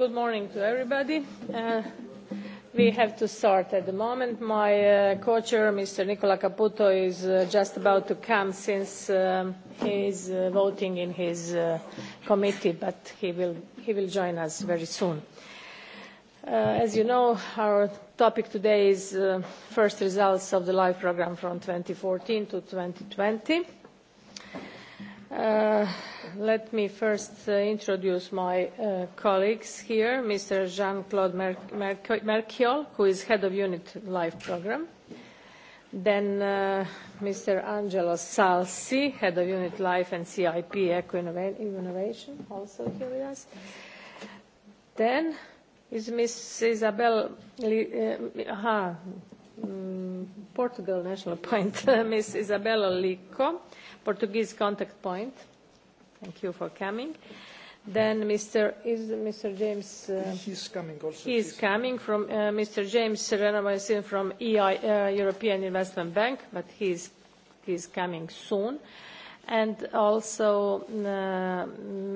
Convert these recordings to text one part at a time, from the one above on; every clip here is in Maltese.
Good morning to everybody. Uh, we have to start at the moment. My uh, co-chair, Mr. Nicola Caputo, is uh, just about to come since um, he is uh, voting in his uh, committee, but he will, he will join us very soon. Uh, as you know, our topic today is uh, first results of the LIFE program from 2014 to 2020. Uh, let me first uh, introduce my uh, colleagues here, Mr. Jean-Claude Mer Mer Merchiol, who is head of Unit Life Program. Then uh, Mr. Angelo Salsi, head of Unit Life and CIP Eco Innovation, also here with us. Then is Ms. Isabel, uh, ah, Mm, Portugal national point, Ms. Isabella Lico, Portuguese contact point. Thank you for coming. Then Mr. Is Mr. James. Uh, he's coming also. He is coming from uh, Mr. James Renamasin from EI, uh, European Investment Bank, but he is, he is coming soon. Uh, and also uh,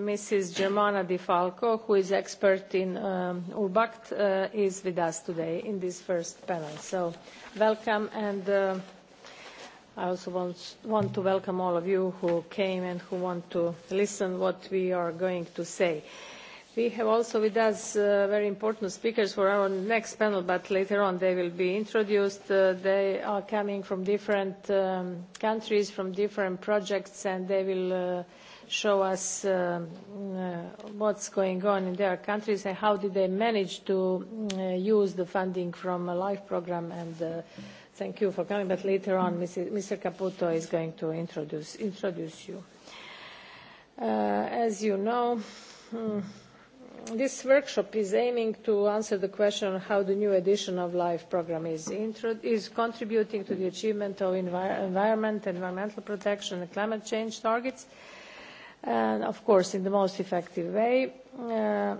Mrs. Germana Di Falco, who is expert in um, UBACT, uh, is with us today in this first panel. So welcome, and uh, I also want, want to welcome all of you who came and who want to listen what we are going to say. Uh, We have also with us uh, very important speakers for our next panel, but later on they will be introduced. Uh, they are coming from different um, countries, from different projects, and they will uh, show us uh, uh, what's going on in their countries and how did they manage to uh, use the funding from a life program. And uh, thank you for coming, but later on Mr. Caputo is going to introduce, introduce you. Uh, as you know, hmm, this workshop is aiming to answer the question on how the new edition of LIFE program is, intro is contributing to the achievement of envir environment, environmental protection and climate change targets, and of course in the most effective way. Uh,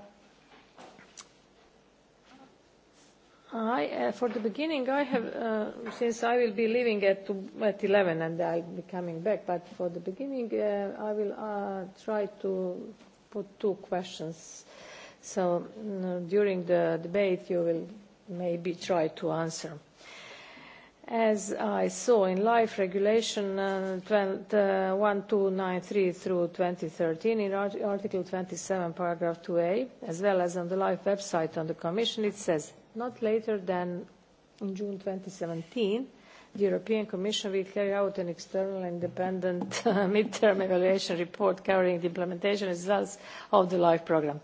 I, uh, for the beginning, I have, uh, since I will be leaving at, two, at 11 and I'll be coming back, but for the beginning, uh, I will uh, try to put two questions So uh, during the debate, you will maybe try to answer. As I saw in life regulation uh, 20, uh, 1293 through 2013 in art Article 27, paragraph 2a, as well as on the life website on the Commission, it says not later than in June 2017, the European Commission will carry out an external independent uh, midterm evaluation report covering the implementation results of the life programme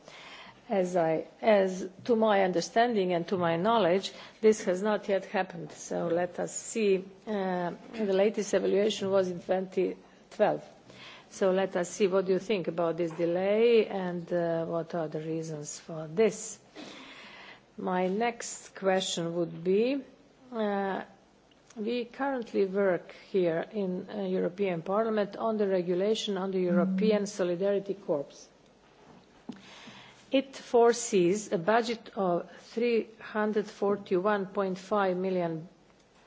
as I, as to my understanding and to my knowledge, this has not yet happened. So let us see. Uh, the latest evaluation was in 2012. So let us see what you think about this delay and uh, what are the reasons for this. My next question would be, uh, we currently work here in uh, European Parliament on the regulation on the European Solidarity Corps It foresees a budget of 341.5 million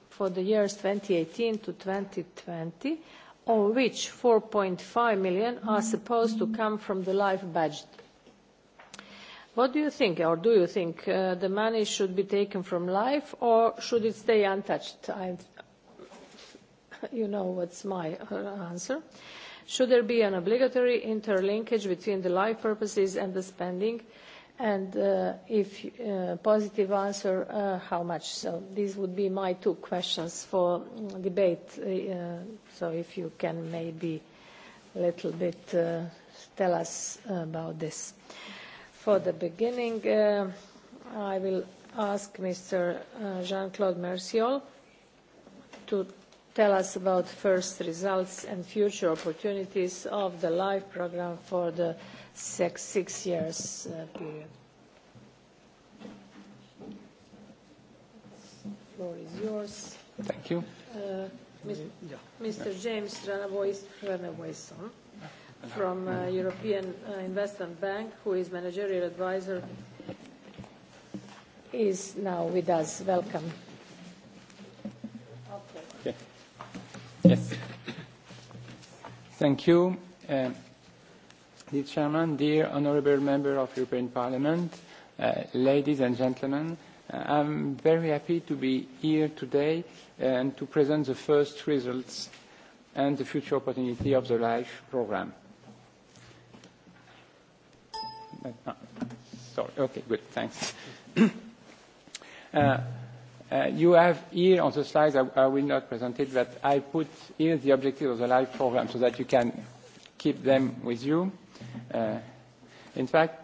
for the years 2018 to 2020, of which 4.5 million are supposed to come from the life budget. What do you think, or do you think uh, the money should be taken from life, or should it stay untouched? I've, you know what's my uh, answer. Should there be an obligatory interlinkage between the life purposes and the spending? And uh, if uh, positive answer, uh, how much? So these would be my two questions for mm, debate. Uh, uh, so if you can maybe a little bit uh, tell us about this. For the beginning, uh, I will ask Mr. Uh, Jean-Claude Merciol to tell us about first results and future opportunities of the LIFE program for the six, six years uh, period. The floor is yours. Thank you. Uh, Mr. Yeah. Mr. James Ranawayson from uh, European uh, Investment Bank, who is managerial advisor, is now with us. Welcome. Yes. Thank you. Uh, dear Chairman, dear Honourable Member of European Parliament, uh, ladies and gentlemen, uh, I'm very happy to be here today uh, and to present the first results and the future opportunity of the LIFE programme. Uh, ah, sorry, okay, good, thanks. uh, Uh, you have here on the slides, I, I will not present it, but I put here the objective of the live program so that you can keep them with you. Uh, in fact,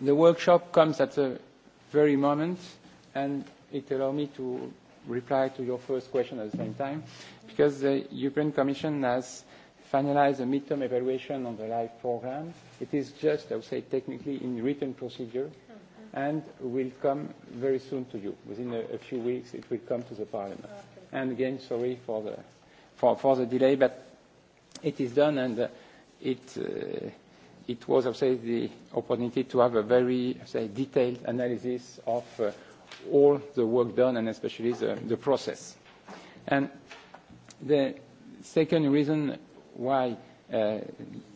the workshop comes at the very moment, and it allows me to reply to your first question at the same time, because the European Commission has finalized a midterm evaluation on the live program. It is just, I would say, technically in written procedure, and will come very soon to you. Within a, a few weeks, it will come to the Parliament. Okay. And again, sorry for the, for, for the delay, but it is done, and uh, it, uh, it was, I say, the opportunity to have a very, say, detailed analysis of uh, all the work done, and especially the, the process. And the second reason why uh,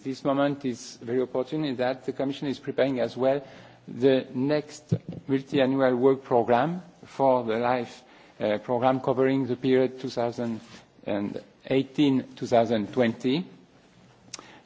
this moment is very opportune is that the Commission is preparing as well the next multi-annual work program for the life uh, program covering the period 2018-2020.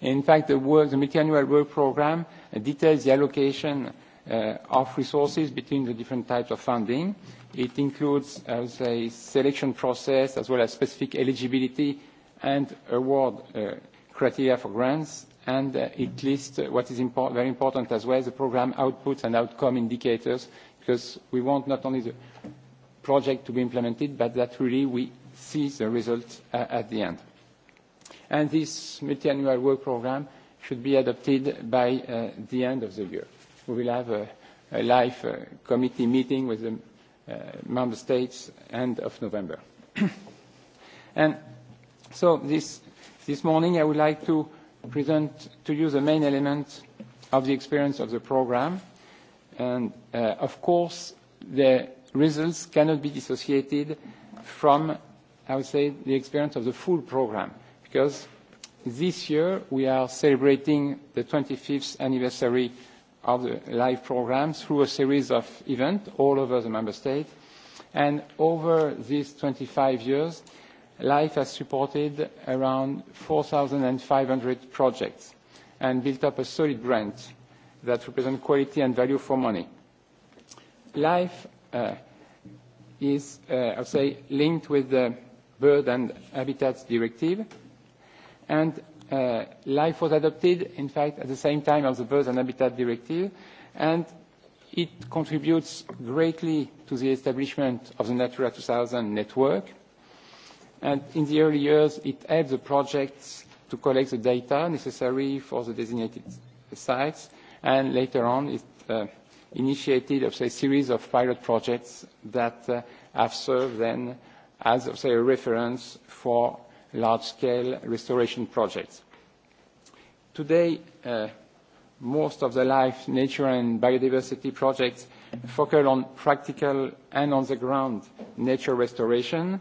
In fact, the, work, the multi-annual work program details the allocation uh, of resources between the different types of funding. It includes, I a selection process as well as specific eligibility and award uh, criteria for grants and uh, it lists uh, what is impor very important as well, the program outputs and outcome indicators, because we want not only the project to be implemented, but that really we see the results uh, at the end. And this multi-annual work program should be adopted by uh, the end of the year. We will have a, a live uh, committee meeting with the uh, member states end of November. and so this, this morning I would like to present to you the main elements of the experience of the program. And uh, of course, the results cannot be dissociated from, I would say, the experience of the full program, because this year we are celebrating the 25th anniversary of the live program through a series of events all over the member state. And over these 25 years, Life has supported around 4,500 projects and built up a solid brand that represent quality and value for money. Life uh, is, uh, I would say, linked with the Bird and Habitats Directive, and uh, Life was adopted, in fact, at the same time as the Birds and Habitat Directive, and it contributes greatly to the establishment of the Natura 2000 network, And in the early years, it helped the projects to collect the data necessary for the designated sites. And later on, it uh, initiated of, say, a series of pilot projects that uh, have served then as of, say, a reference for large-scale restoration projects. Today, uh, most of the life, nature, and biodiversity projects focus on practical and on-the-ground nature restoration,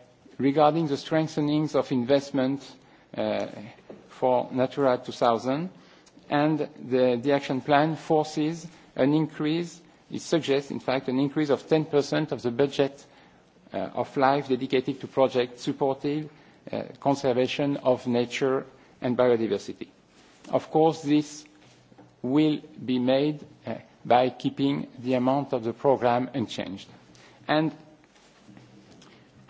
regarding the strengthening of investment uh, for Natura 2000, and the, the action plan forces an increase, it suggests, in fact, an increase of 10% of the budget uh, of life dedicated to projects supporting uh, conservation of nature and biodiversity. Of course, this will be made uh, by keeping the amount of the program unchanged. And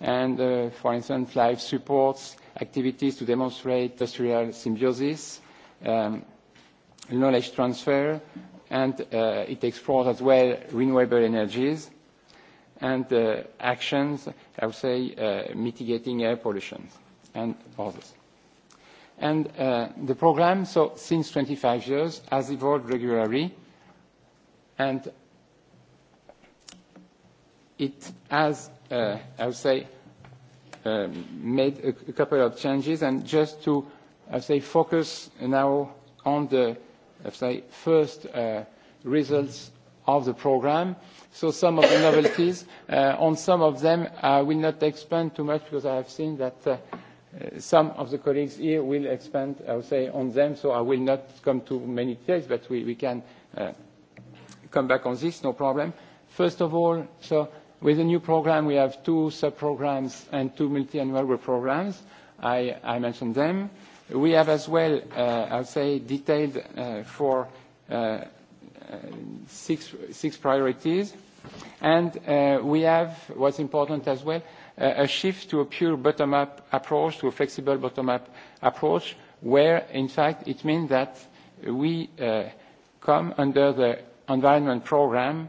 and, uh, for instance, life supports activities to demonstrate industrial symbiosis, um, knowledge transfer, and uh, it explores as well renewable energies and uh, actions, I would say, uh, mitigating air pollution and others. And uh, the program, so since 25 years, has evolved regularly and it has uh, I would say, um, made a, a couple of changes and just to, I would say, focus now on the, I would say, first uh, results of the program. So some of the novelties, uh, on some of them I will not expand too much because I have seen that uh, some of the colleagues here will expand, I would say, on them, so I will not come to many details, but we, we can uh, come back on this, no problem. First of all, so With the new program, we have two sub-programs and two multi-annual work programs. I, I mentioned them. We have as well, uh, I'll say, detailed uh, for uh, uh, six, six priorities. And uh, we have, what's important as well, uh, a shift to a pure bottom-up approach, to a flexible bottom-up approach, where, in fact, it means that we uh, come under the environment program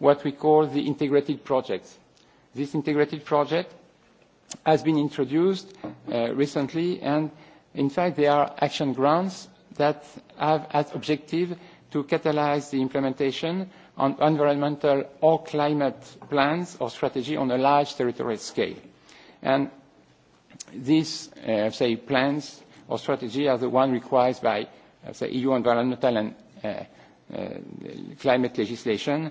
what we call the integrated projects. This integrated project has been introduced uh, recently, and in fact, they are action grants that have as objective to catalyze the implementation on environmental or climate plans or strategy on a large territorial scale. And these, uh, say, plans or strategy are the one required by, say, EU environmental and uh, uh, climate legislation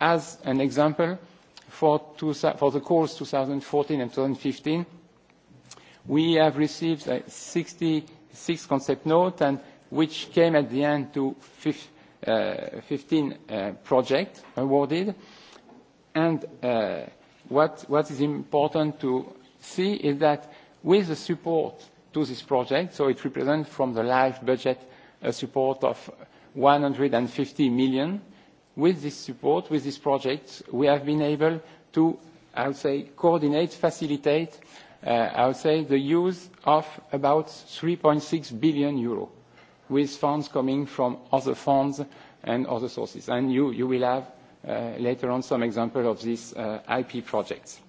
As an example, for, two, for the calls 2014 and 2015, we have received uh, 66 concept notes and which came at the end to fif, uh, 15 uh, projects awarded. And uh, what, what is important to see is that with the support to this project, so it represents from the live budget a support of 150 million, uh, with this support, with this project, we have been able to, I would say, coordinate, facilitate, uh, I would say, the use of about 3.6 billion euro with funds coming from other funds and other sources. And you, you will have uh, later on some example of these uh, IP projects.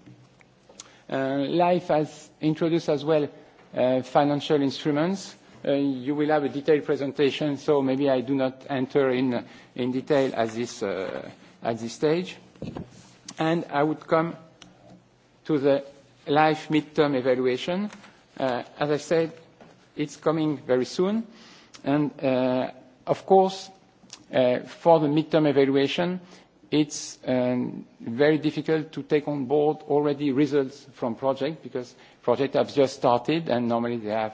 Uh, Life has introduced as well uh, financial instruments uh, you will have a detailed presentation, so maybe I do not enter in, in detail at this, uh, at this stage. And I would come to the life midterm evaluation. Uh, as I said, it's coming very soon. And uh, of course, uh, for the midterm evaluation, it's um, very difficult to take on board already results from project because projects have just started and normally they have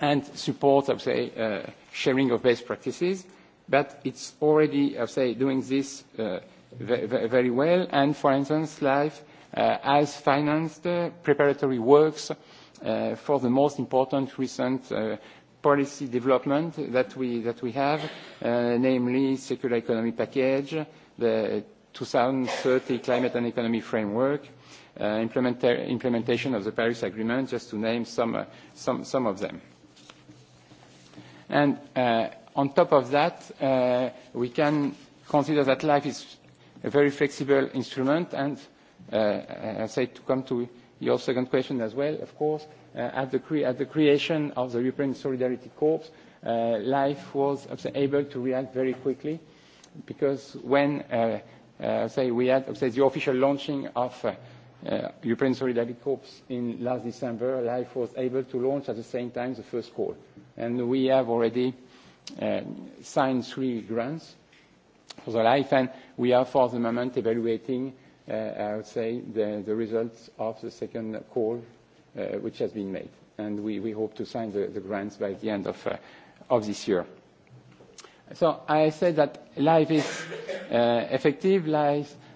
and support, I would say, uh, sharing of best practices. But it's already, I would say, doing this uh, very well. And for instance, LIFE uh, has financed uh, preparatory works uh, for the most important recent uh, policy development that we, that we have, uh, namely circular economy package, the 2030 climate and economy framework, uh, implementa implementation of the Paris Agreement, just to name some, uh, some, some of them. And uh, on top of that, uh, we can consider that life is a very flexible instrument. And uh, uh I say to come to your second question as well, of course, uh, at, the cre at the creation of the European Solidarity Corps, uh, life was able to react very quickly because when uh, uh, say we had say, the official launching of uh, Uh, Ukraine Solidarity Corps in last December, LIFE was able to launch at the same time the first call. And we have already uh, signed three grants for the LIFE, and we are for the moment evaluating, uh, I would say, the, the results of the second call uh, which has been made. And we, we hope to sign the, the grants by the end of, uh, of this year. So I said that LIFE is uh, effective, LIFE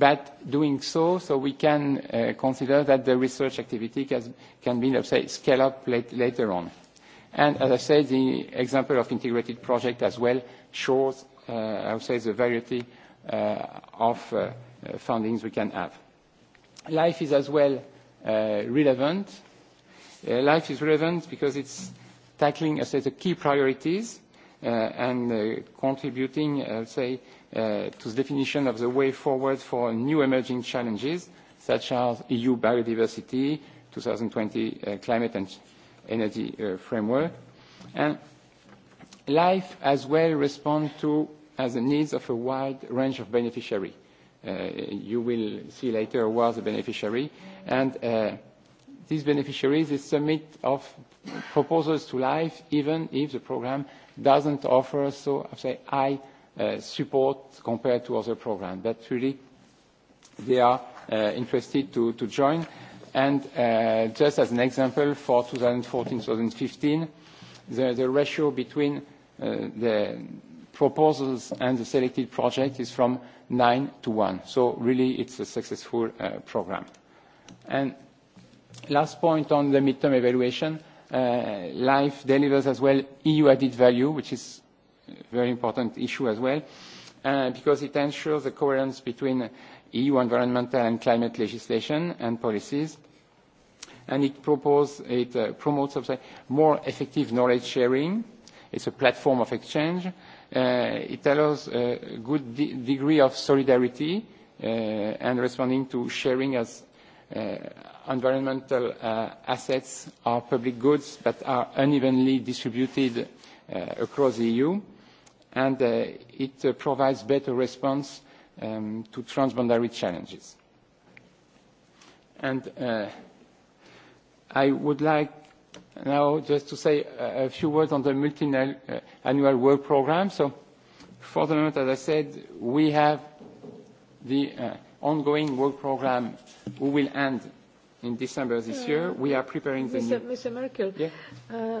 but doing so, so we can uh, consider that the research activity can, can be, let's say, scale up late, later on. And as I said, the example of integrated project as well shows, uh, I would say, the variety uh, of uh, fundings we can have. Life is as well uh, relevant. Uh, life is relevant because it's tackling, I say, the key priorities uh, and uh, contributing, I would say, uh, to the definition of the way forward for new emerging challenges, such as EU biodiversity, 2020 uh, climate and energy uh, framework. And life as well responds to as the needs of a wide range of beneficiaries. Uh, you will see later who are the beneficiary. And these beneficiaries they submit of proposals to life even if the program doesn't offer so say, high Uh, support compared to other programs. But really, they are uh, interested to, to join. And uh, just as an example, for 2014-2015, the, the ratio between uh, the proposals and the selected project is from 9 to 1. So really, it's a successful uh, program. And last point on the midterm evaluation, uh, LIFE delivers as well EU added value, which is very important issue as well, uh, because it ensures the coherence between EU environmental and climate legislation and policies, and it, propose, it uh, promotes more effective knowledge sharing. It's a platform of exchange. Uh, it allows a good de degree of solidarity uh, and responding to sharing as uh, environmental uh, assets are public goods that are unevenly distributed uh, across the EU and uh, it uh, provides better response um, to transboundary challenges. And uh, I would like now just to say a, a few words on the multi-annual uh, work program. So for the moment, as I said, we have the uh, ongoing work program who will end in December this year. Uh, we are preparing the Mr. new... Mr. Merkel, yeah? uh,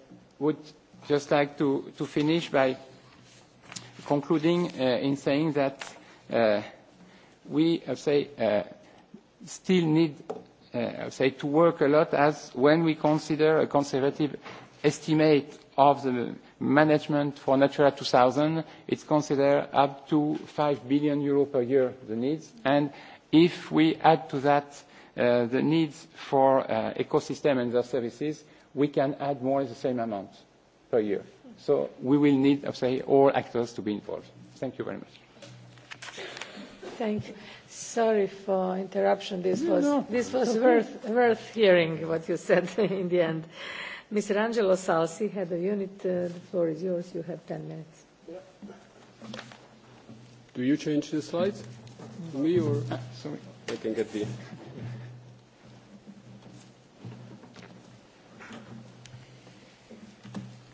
would just like to, to finish by concluding uh, in saying that uh, we, I say, uh, still need uh, I say, to work a lot as when we consider a conservative estimate of the management for Natura 2000, it's considered up to 5 billion euro per year, the needs. And if we add to that uh, the needs for uh, ecosystem and their services, we can add more or the same amount per year. So we will need, I say, all actors to be involved. Thank you very much. Thank you. Sorry for interruption. This no, was, no. This was worth, worth hearing what you said in the end. Mr. Angelo Salsi, head of unit, uh, the floor is yours. You have 10 minutes. Yeah. Do you change the slides? Mm. Me or? Ah, sorry. I can get the.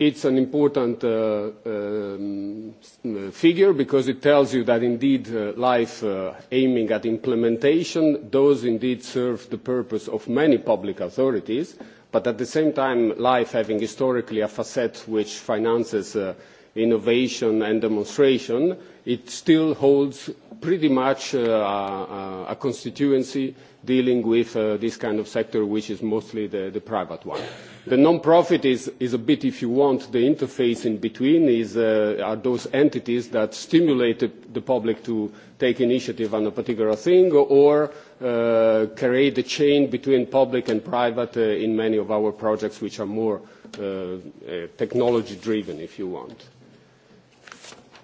It's an important uh, um, figure because it tells you that indeed uh, life uh, aiming at implementation does indeed serve the purpose of many public authorities, but at the same time life having historically a facet which finances uh, innovation and demonstration, it still holds pretty much uh, a, a constituency dealing with uh, this kind of sector which is mostly the, the private one. The non-profit is, is a bit, if you want, the interface in between is, uh, are those entities that stimulate the public to take initiative on a particular thing or uh, create the chain between public and private uh, in many of our projects which are more uh, uh, technology-driven, if you want.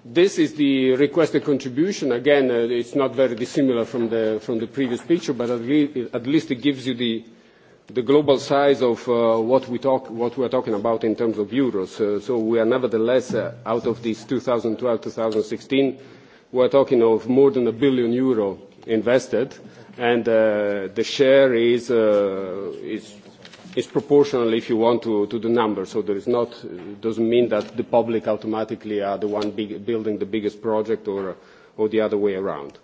This is the requested contribution. Again, uh, it's not very dissimilar from the, from the previous picture, but at, le at least it gives you the the global size of uh, what, we talk, what we are talking about in terms of euros. Uh, so we are nevertheless, uh, out of this 2012-2016, we are talking of more than a billion euro invested, and uh, the share is, uh, is, is proportional, if you want, to, to the number. So there is not, it doesn't mean that the public automatically are the one big, building the biggest project or, or the other way around.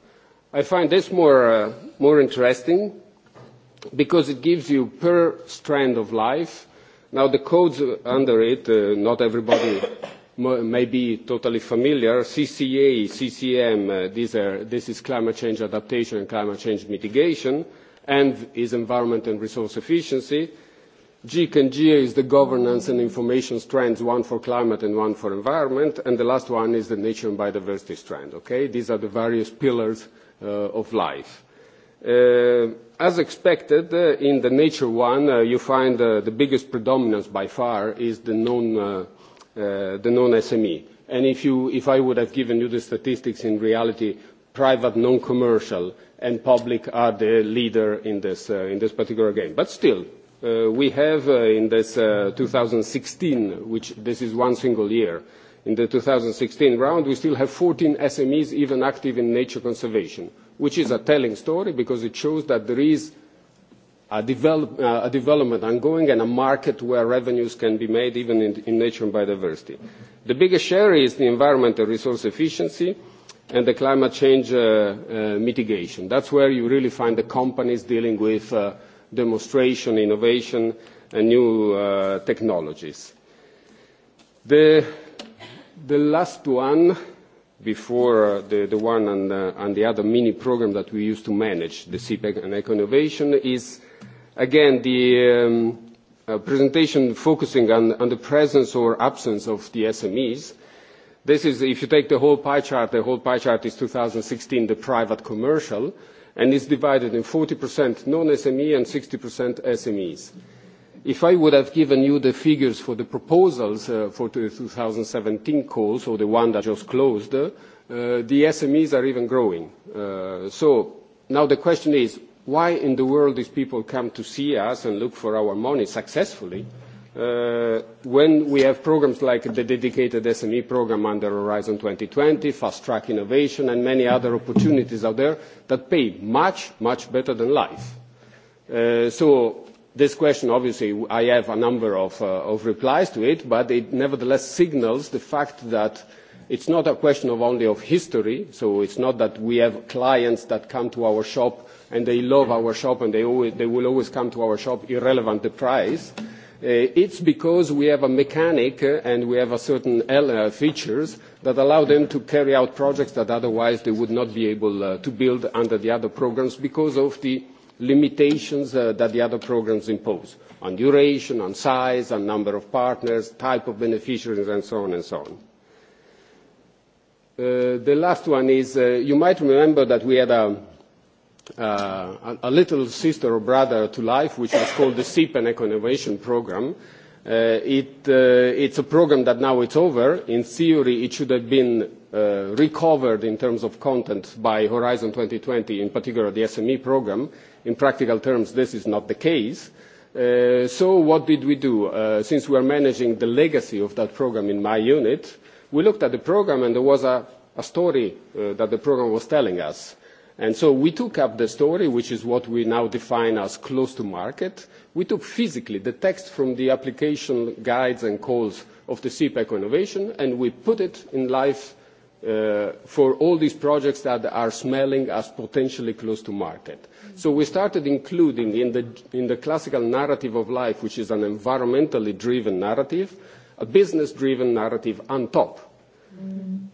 I find this more, uh, more interesting because it gives you per strand of life. Now the codes under it, uh, not everybody may be totally familiar, CCA, CCM, uh, these are, this is climate change adaptation and climate change mitigation, and is environment and resource efficiency. GIC and GIA is the governance and information strands, one for climate and one for environment, and the last one is the nature and biodiversity strand, okay? These are the various pillars uh, of life. Uh, as expected, uh, in the nature one, uh, you find uh, the biggest predominance by far is the non, SME. E. And if, you, if I would have given you the statistics, in reality, private non-commercial and public are the leader in this, particular game. But still, we have in this 2016, which this is one single year, in the 2016 round, we still have 14 SMEs even active in nature conservation which is a telling story because it shows that there is a, develop, uh, a development ongoing and a market where revenues can be made even in, in nature and biodiversity. The biggest share is the environmental resource efficiency and the climate change uh, uh, mitigation. That's where you really find the companies dealing with uh, demonstration, innovation, and new uh, technologies. The, the last one before uh, the, the one and, uh, and the other mini program that we used to manage, the CPEC e and Eco Innovation, is again the um, uh, presentation focusing on, on the presence or absence of the SMEs. This is, if you take the whole pie chart, the whole pie chart is 2016, the private commercial, and it's divided in 40% non-SME and 60% SMEs. Mm -hmm. If I would have given you the figures for the proposals uh, for the 2017 call, so the one that just closed, uh, the SMEs are even growing. Uh, so now the question is, why in the world these people come to see us and look for our money successfully uh, when we have programs like the dedicated SME program under Horizon 2020, Fast Track Innovation and many other opportunities out there that pay much, much better than life. so This question, obviously, I have a number of, uh, of replies to it, but it nevertheless signals the fact that it's not a question of only of history, so it's not that we have clients that come to our shop and they love our shop and they, always, they will always come to our shop irrelevant the price. Uh, it's because we have a mechanic uh, and we have a certain uh, features that allow them to carry out projects that otherwise they would not be able uh, to build under the other programs because of the limitations uh, that the other programs impose on duration, on size, on number of partners, type of beneficiaries, and so on and so on. Uh, the last one is, uh, you might remember that we had a, uh, a little sister or brother to life, which was called the SIP and Eco Innovation Program. Uh, it, uh, it's a program that now it's over. In theory, it should have been uh, recovered in terms of content by Horizon 2020, in particular the SME program. In practical terms, this is not the case. Uh, so what did we do? Uh, since we are managing the legacy of that program in my unit, we looked at the program and there was a, a story uh, that the program was telling us. And so we took up the story, which is what we now define as close to market. We took physically the text from the application guides and calls of the CPEC e innovation, and we put it in life uh, for all these projects that are smelling as potentially close to market. So we started including in the, in the classical narrative of life, which is an environmentally driven narrative, a business-driven narrative on top.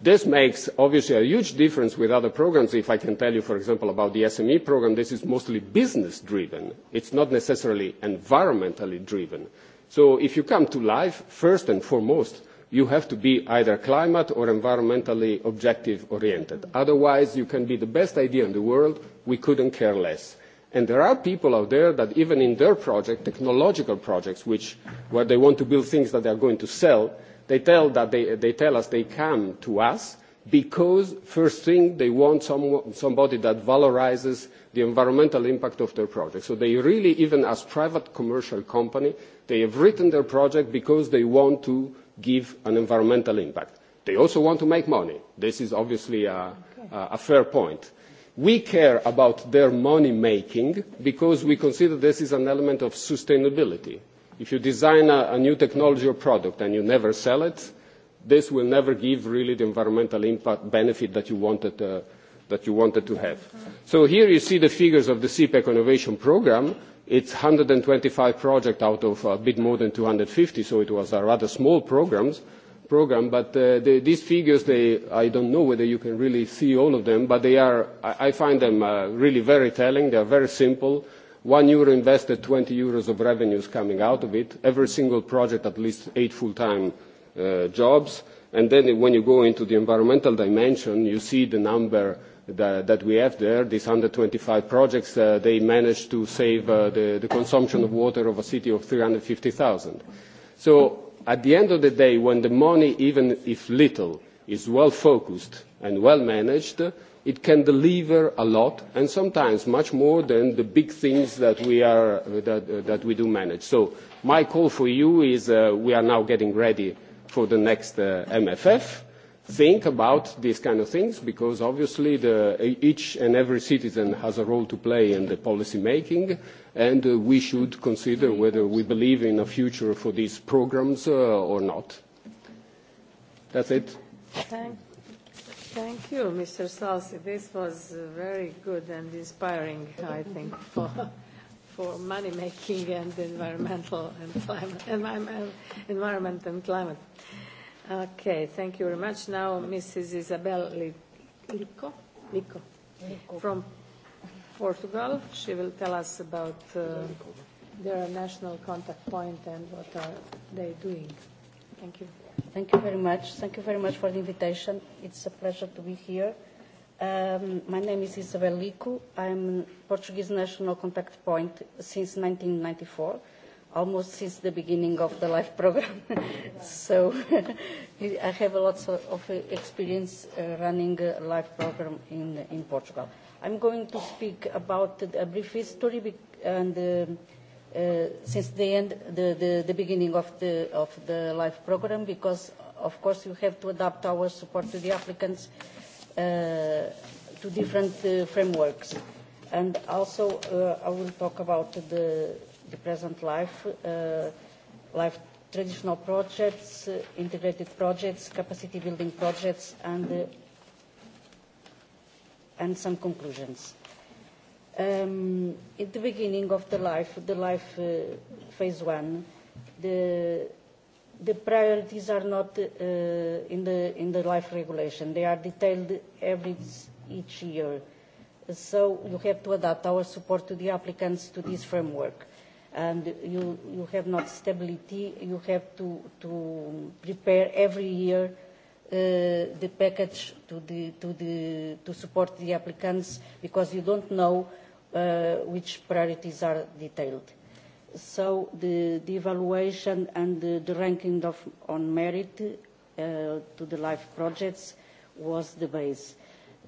This makes obviously a huge difference with other programs. If I can tell you, for example, about the SME program, this is mostly business-driven. It's not necessarily environmentally driven. So if you come to life, first and foremost, you have to be either climate or environmentally objective oriented. Otherwise, you can be the best idea in the world, we couldn't care less. And there are people out there that even in their project, technological projects, which, where they want to build things that they are going to sell, they tell, that they, they tell us they come to us because first thing they want some, somebody that valorizes the environmental impact of their project. So they really, even as private commercial company, they have written their project because they want to give an environmental impact. They also want to make money. This is obviously a, okay. a, a fair point. We care about their money making because we consider this is an element of sustainability. If you design a, a new technology or product and you never sell it, this will never give really the environmental impact benefit that you wanted, uh, that you wanted to have. So here you see the figures of the CPEC e innovation program It's 125 projects out of uh, a bit more than 250, so it was a rather small programs, program, but uh, the, these figures, they, I don't know whether you can really see all of them, but they are, I, I find them uh, really very telling. They are very simple. One euro invested, 20 euros of revenues coming out of it. Every single project, at least eight full-time uh, jobs. And then when you go into the environmental dimension, you see the number that, that we have there, these 125 projects, uh, they managed to save uh, the, the consumption of water of a city of 350,000. So at the end of the day, when the money, even if little, is well focused and well managed, it can deliver a lot and sometimes much more than the big things that we, are, uh, that, we do manage. So my call for you is we are now getting ready for the next MFF think about these kind of things because obviously the, each and every citizen has a role to play in the policy making and uh, we should consider whether we believe in a future for these programs uh, or not. That's it. Thank, thank you, Mr. Salsi. This was uh, very good and inspiring, I think, for, for money-making and environmental and climate, environment and climate. Okay, thank you very much. Now Mrs. Isabel Lico, Lico from Portugal. She will tell us about uh, their national contact point and what are they doing. Thank you. Thank you very much. Thank you very much for the invitation. It's a pleasure to be here. Um, my name is Isabel Lico. I'm Portuguese National Contact Point since 1994 almost since the beginning of the life program. so I have a lot of experience uh, running a life program in, in Portugal. I'm going to speak about a brief history and uh, uh, since the end, the, the, the beginning of the, of the life program, because of course you have to adapt our support to the applicants uh, to different uh, frameworks. And also uh, I will talk about the the present life, uh, life traditional projects, uh, integrated projects, capacity building projects, and, uh, and some conclusions. Um, in the beginning of the life, the life uh, phase one, the, the priorities are not uh, in, the, in the life regulation. They are detailed every each year. So you have to adapt our support to the applicants to this framework and you, you have not stability, you have to, to prepare every year uh, the package to, the, to, the, to support the applicants because you don't know uh, which priorities are detailed. So the, the evaluation and the, the ranking of, on merit uh, to the life projects was the base.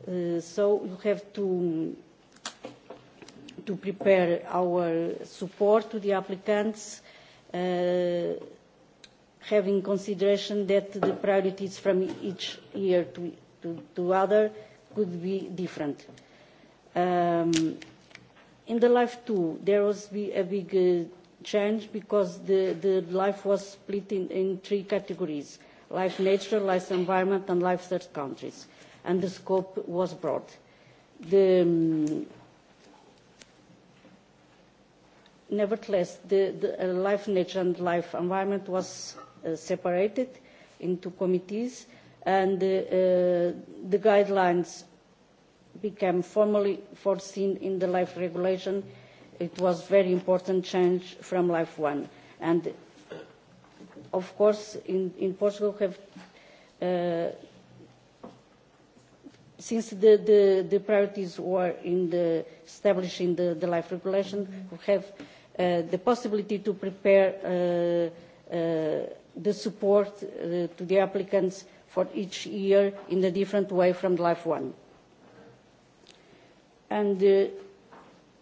Uh, so you have to to prepare our support to the applicants, uh, having consideration that the priorities from each year to, to, to other could be different. Um, in the life too, there was a big uh, change because the, the life was split in, in three categories, life nature, life environment, and life third countries, and the scope was broad. The um, nevertheless, the, the uh, life nature and life environment was uh, separated into committees, and uh, uh, the guidelines became formally foreseen in the life regulation. It was very important change from life one. And of course, in, in Portugal, have, uh, since the, the, the priorities were in the establishing the, the life regulation, we have Uh, the possibility to prepare uh, uh, the support uh, to the applicants for each year in a different way from life one. And uh,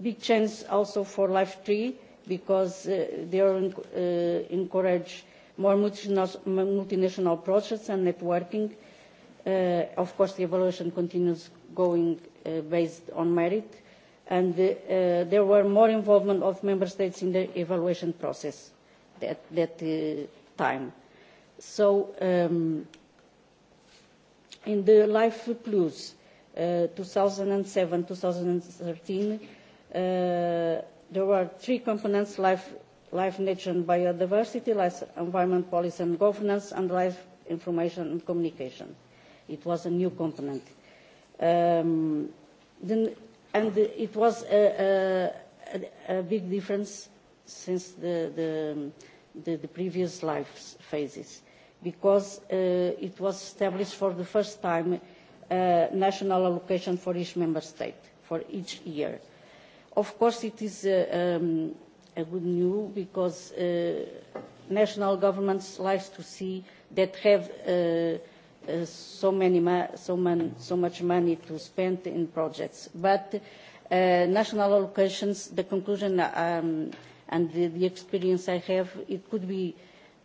big chance also for life three because uh, they are in, uh, encourage more multinational projects and networking. Uh, of course, the evaluation continues going uh, based on merit and uh, there were more involvement of member states in the evaluation process at that uh, time. So um, in the Life Plus uh, 2007-2013, uh, there were three components, life, life nature and biodiversity, life environment policy and governance, and life information and communication. It was a new component. Um, then and it was a, a, a big difference since the, the, the, the previous life phases because uh, it was established for the first time uh, national allocation for each member state for each year. Of course, it is uh, um, a good news because uh, national governments like to see that have uh, Uh, so, many ma so, man so much money to spend in projects. But uh, national allocations, the conclusion um, and the, the experience I have, it could be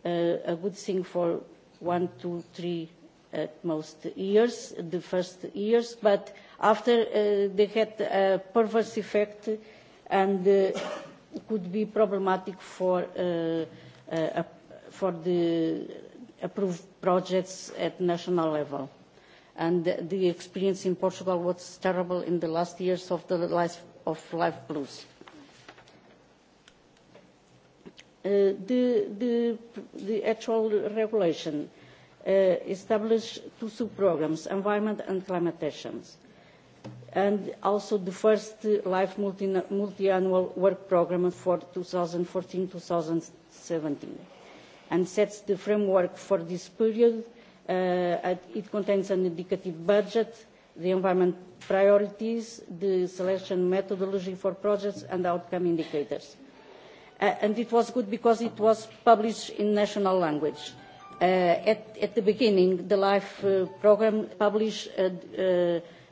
uh, a good thing for one, two, three at most years, the first years, but after uh, they had a perverse effect and uh, could be problematic for, uh, uh, for the approved projects at national level. And the experience in Portugal was terrible in the last years of the life of Life Plus. Uh, the, the, the actual regulation uh, established two sub-programs, environment and climate actions, and also the first life multi-annual multi work program for 2014-2017 and sets the framework for this period. Uh, it contains an indicative budget, the environment priorities, the selection methodology for projects and outcome indicators. Uh, and it was good because it was published in national language. Uh, at, at the beginning, the LIFE uh, program published uh, uh,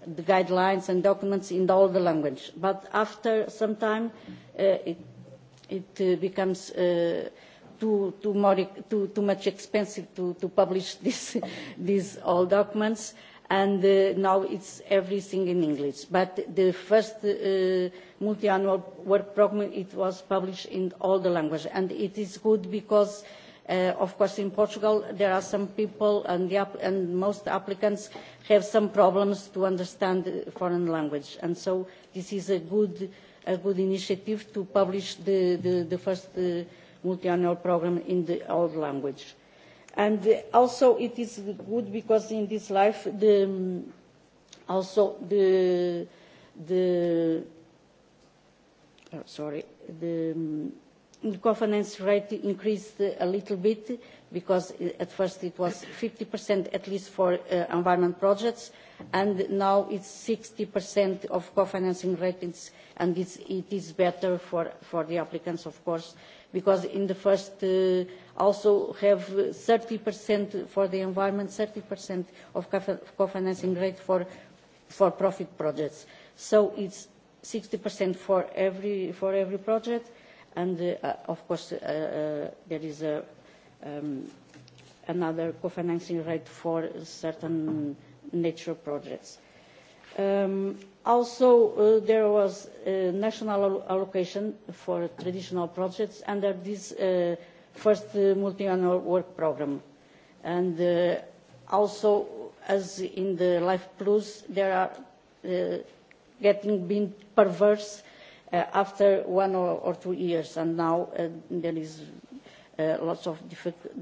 the guidelines and documents in all the language. But after some time, uh, it, it uh, becomes uh, too, too, more, too, too much expensive to, to publish this, these all documents and uh, now it's everything in English. But the first uh, multi-annual work program, it was published in all the languages. And it is good because, uh, of course, in Portugal, there are some people and, the and most applicants have some problems to understand foreign language. And so this is a good, a good initiative to publish the, the, the first uh, multi-annual program in the old language. And uh, also it is good because in this life the, um, also the, the oh, sorry, the, um, the confidence rate increased a little bit because at first it was 50% at least for uh, environment projects and now it's 60% of co-financing ratings and it's, it is better for, for the applicants of course because in the first uh, also have 30% for the environment, 30% of co-financing rate for, for profit projects. So it's 60% for every, for every project, and uh, uh, of course uh, uh, there is a, um, another co-financing rate for certain nature projects. Um, Also, uh, there was a uh, national allocation for traditional projects under this uh, first uh, multi-annual work program. And uh, also, as in the Life Plus, there are uh, getting being perverse uh, after one or, or two years, and now uh, there is uh, lots of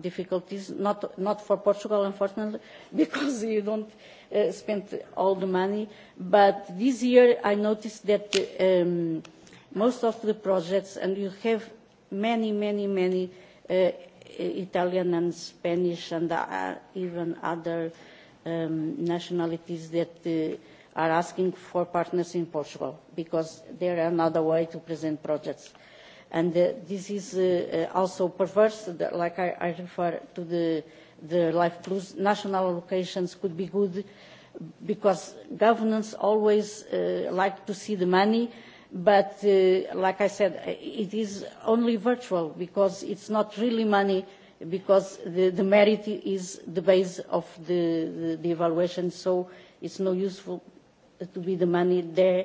difficulties, not, not for Portugal, unfortunately, because you don't uh, spend all the money. But this year I noticed that um, most of the projects, and you have many, many, many uh, Italian and Spanish and uh, even other um, nationalities that uh, are asking for partners in Portugal because there are another way to present projects. Uh, And uh, this is uh, uh also perverse, like I, I refer to the, the Life Plus. National allocations could be good because governments always uh, like to see the money, but uh, like I said, it is only virtual because it's not really money because the, the merit is the base of the, the, the evaluation, so it's no useful to be the money there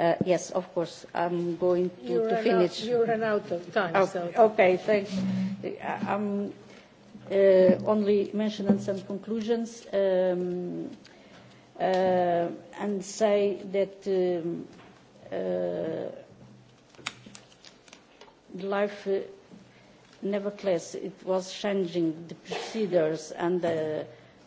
Uh, yes, of course, I'm going to, to finish. Out, you ran out of time. Oh, so. Okay, thanks. Uh, I'm uh, only mentioning some conclusions um, uh, and say that um, uh, life uh, nevertheless it was changing the procedures and the uh,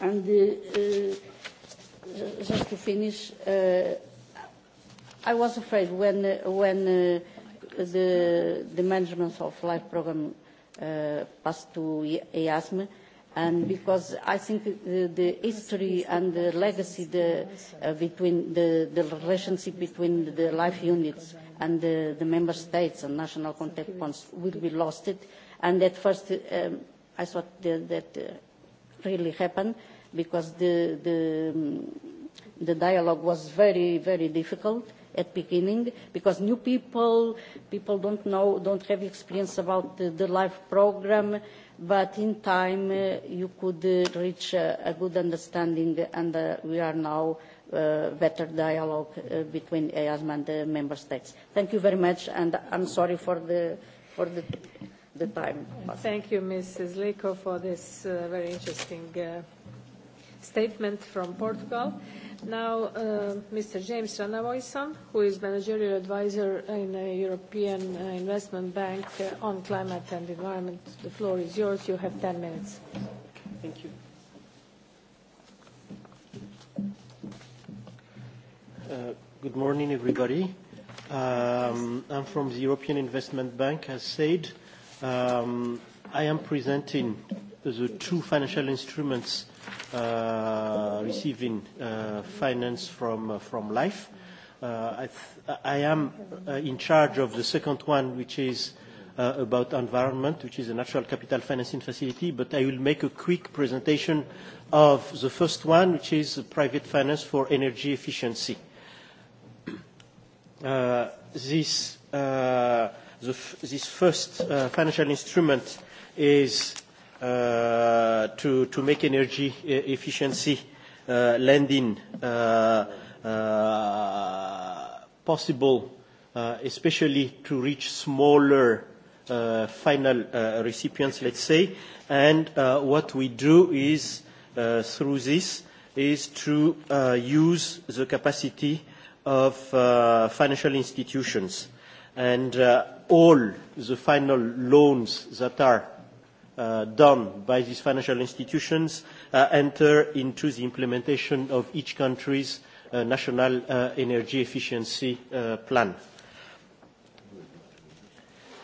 And uh, uh, just to finish, uh, I was afraid when, uh, when uh, the, the management of life program uh, passed to EASM, and because I think the, the history and the legacy the, uh, between the, the relationship between the life units and the, the member states and national contact points will be lost it. And at first um, I thought that, that uh, really happen because the, the, the dialogue was very, very difficult at beginning because new people, people don't know, don't have experience about the, the life program, but in time uh, you could uh, reach uh, a good understanding and uh, we are now uh, better dialogue uh, between EASM and the member states. Thank you very much and I'm sorry for the, for the the time. Thank you, Mrs. Leko, for this uh, very interesting uh, statement from Portugal. Now, uh, Mr. James Ranavoisan, who is managerial advisor in the European uh, Investment Bank uh, on climate and environment. The floor is yours. You have 10 minutes. Thank you. Uh, good morning, everybody. Um, I'm from the European Investment Bank, as said. Uh, Um, I am presenting the two financial instruments uh, receiving uh, finance from, uh, from life. Uh, I, th I am uh, in charge of the second one, which is uh, about environment, which is a natural capital financing facility, but I will make a quick presentation of the first one, which is private finance for energy efficiency. Uh, this uh, the this first uh, financial instrument is uh, to, to make energy uh, efficiency uh, lending uh, uh, possible, uh, especially to reach smaller uh, final uh, recipients, let's say. And uh, what we do is, uh, through this, is to uh, use the capacity of uh, financial institutions. And uh, all the final loans that are uh, done by these financial institutions uh, enter into the implementation of each country's uh, national uh, energy efficiency uh, plan.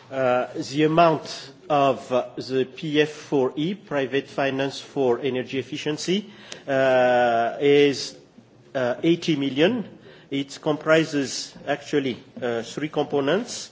Uh, the amount of uh, the PF4E, Private Finance for Energy Efficiency, uh, is uh, 80 million. It comprises actually uh, three components.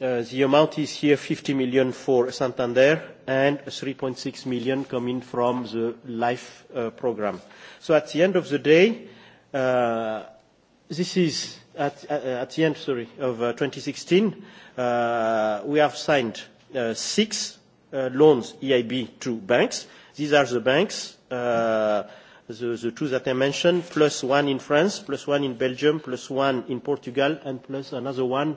Uh, the amount is here 50 million for Santander and 3.6 million coming from the life uh, program. So at the end of the day, uh, this is at, uh at the end sorry, of uh, 2016, uh, we have signed uh, six uh, loans EIB to banks. These are the banks, uh, the, the two that I mentioned, plus one in France, plus one in Belgium, plus one in Portugal, and plus another one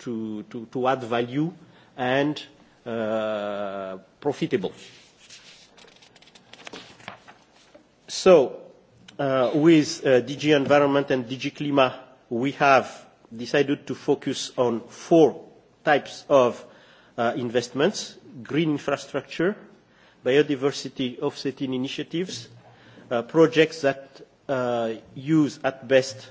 to, to, to add value and uh, profitable. So, uh, with uh, DG Environment and DG Klima, we have decided to focus on four types of uh, investments, green infrastructure, biodiversity offsetting initiatives, uh, projects that uh, use at best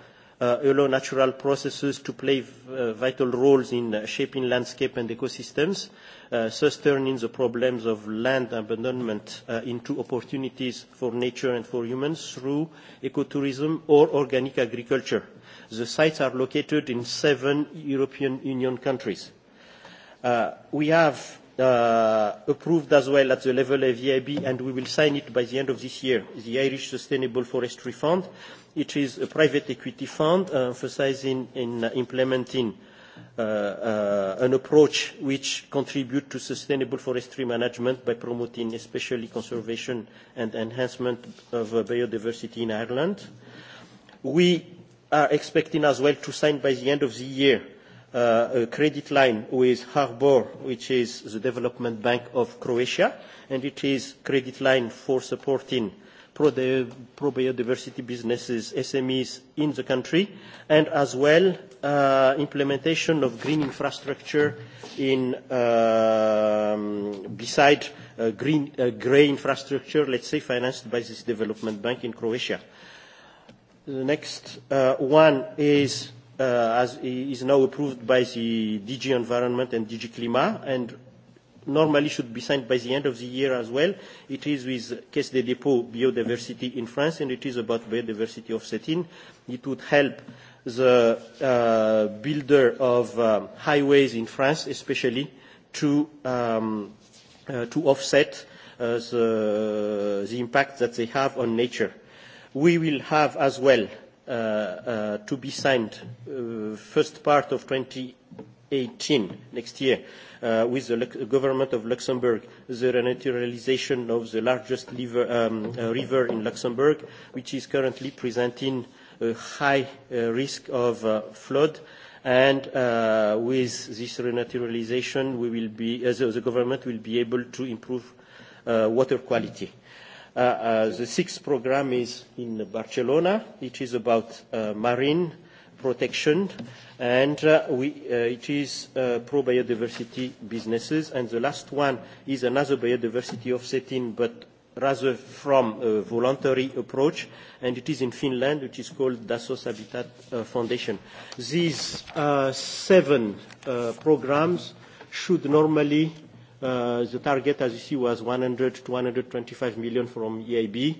uh, allow natural processes to play uh, vital roles in uh, shaping landscape and ecosystems, uh, thus turning the problems of land abandonment uh, into opportunities for nature and for humans through ecotourism or organic agriculture. The sites are located in seven European Union countries. Uh, we have uh, approved as well at the level of EIB and we will sign it by the end of this year, the Irish Sustainable Forestry Fund, It is a private equity fund uh, emphasizing in uh, implementing uh, uh, an approach which contributes to sustainable forestry management by promoting especially conservation and enhancement of uh, biodiversity in Ireland. We are expecting as well to sign by the end of the year uh, a credit line with Harbor, which is the development bank of Croatia, and it is credit line for supporting pro-biodiversity businesses, SMEs in the country, and as well uh, implementation of green infrastructure in, uh, beside uh, green, uh, grey infrastructure, let's say, financed by this development bank in Croatia. The next uh, one is, uh, as is now approved by the DG Environment and DG Clima, and normally should be signed by the end of the year as well. It is with Caisse des Depots Biodiversity in France, and it is about biodiversity offsetting. It would help the uh, builder of uh, highways in France, especially, to, um, uh, to offset uh, the, the impact that they have on nature. We will have as well uh, uh, to be signed uh, first part of 20 2018, next year, uh, with the Le government of Luxembourg, the renaturalization of the largest liver, um, uh, river in Luxembourg, which is currently presenting a high uh, risk of uh, flood. And uh, with this renaturalization, we will be, uh, the, government will be able to improve uh, water quality. Uh, uh, the sixth program is in Barcelona. It is about uh, marine protection, and uh, we, uh, it is uh, pro-biodiversity businesses. And the last one is another biodiversity offsetting, but rather from a voluntary approach, and it is in Finland, which is called Dassos Habitat uh, Foundation. These uh, seven uh, programs should normally, uh, the target, as you see, was 100 to 125 million from EIB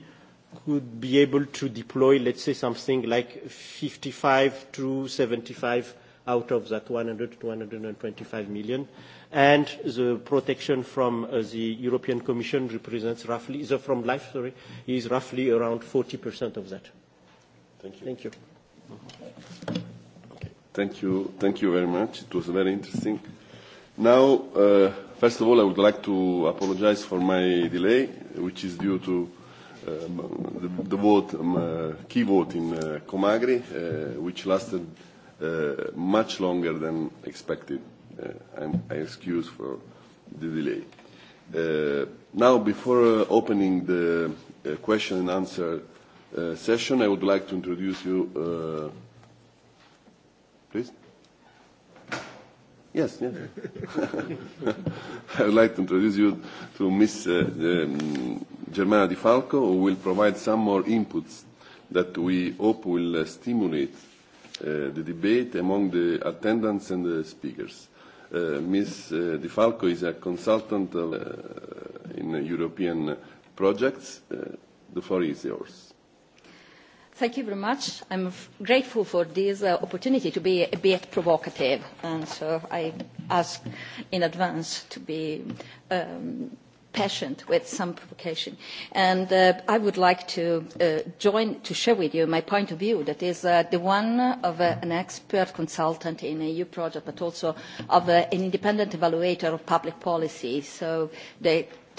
could be able to deploy, let's say, something like 55 to 75 out of that 100 to 125 million. And the protection from uh, the European Commission represents roughly, the from life, sorry, is roughly around 40% of that. Thank you. Thank you. Okay. Thank you. Thank you very much. It was very interesting. Now, uh, first of all, I would like to apologize for my delay, which is due to Um, the, the vote, um, uh, key vote in uh, Comagri, uh, which lasted uh, much longer than expected. Uh, I'm, I excuse for the delay. Uh, now, before uh, opening the uh, question and answer uh, session, I would like to introduce you, uh, please. Yes, yes. I would like to introduce you to Ms. Uh, um, Germana Di Falco, who will provide some more inputs that we hope will uh, stimulate uh, the debate among the attendants and the speakers. Uh, Ms. Uh, Di Falco is a consultant of, uh, in European projects. Uh, the floor is yours. Thank you very much. I'm grateful for this uh, opportunity to be a bit provocative, and so I ask in advance to be um, patient with some provocation. And uh, I would like to uh, join, to share with you my point of view, that is uh, the one of uh, an expert consultant in a EU project, but also of uh, an independent evaluator of public policy. So the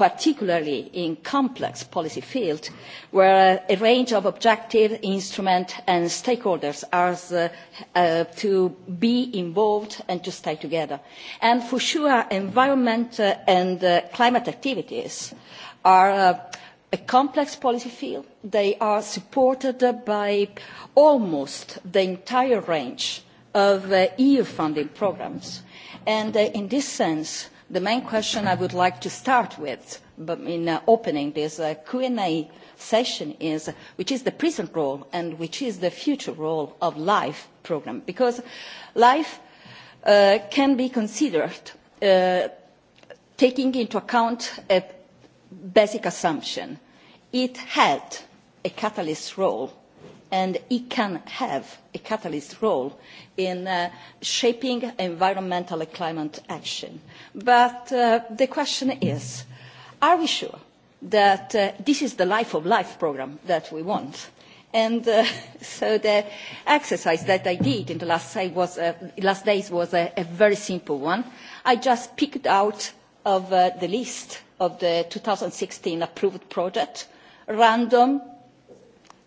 particularly in complex policy fields where a range of objectives, instruments and stakeholders are uh, to be involved and to stay together. And for sure, environment uh, and uh, climate activities are uh, a complex policy field. They are supported by almost the entire range of uh, EU funding programs. And uh, in this sense, the main question I would like to start with in uh, opening this uh, Q&A session is which is the present role and which is the future role of LIFE program because LIFE uh, can be considered uh, taking into account a basic assumption. It had a catalyst role and it can have a catalyst role in uh, shaping environmental and climate action. But uh, the question is, are we sure that uh, this is the life of life program that we want? And uh, so the exercise that I did in the last, say, was, uh, last days was a, a very simple one. I just picked out of uh, the list of the 2016 approved project random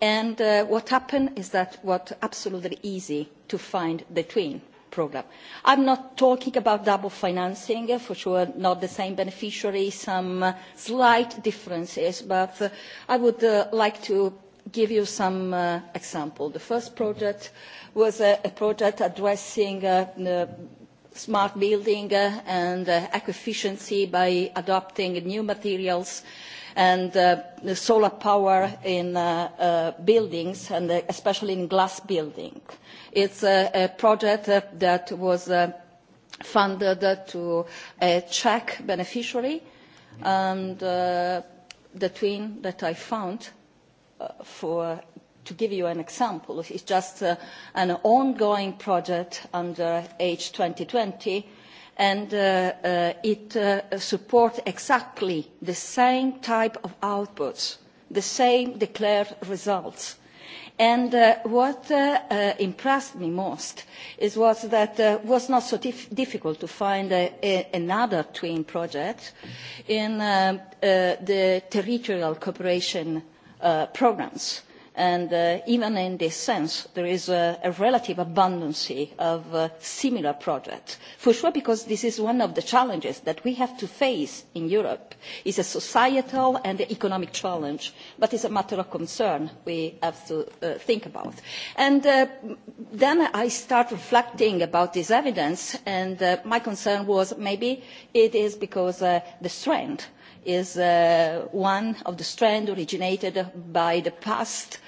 And uh, what happened is that what absolutely easy to find the twin program. I'm not talking about double financing, uh, for sure not the same beneficiary, some uh, slight differences, but uh, I would uh, like to give you some uh, example. The first project was a, a project addressing uh, smart building uh, and uh, eco-efficiency by adopting new materials and uh, solar power in uh, uh, buildings and uh, especially in glass building. It's a, a project uh, that was uh, funded to a uh, check beneficiary and uh, the twin that I found uh, for to give you an example, it's just uh, an ongoing project under H2020 and uh, uh, it uh, supports exactly the same type of outputs, the same declared results. And uh, what uh, uh, impressed me most is was that it uh, was not so dif difficult to find a, a, another twin project in uh, uh, the territorial cooperation uh, programs And uh, even in this sense, there is a, a relative abundance of uh, similar projects. For sure, because this is one of the challenges that we have to face in Europe. It's a societal and economic challenge, but it's a matter of concern we have to uh, think about. And uh, then I start reflecting about this evidence, and uh, my concern was maybe it is because uh, the strength is uh, one of the strands originated by the past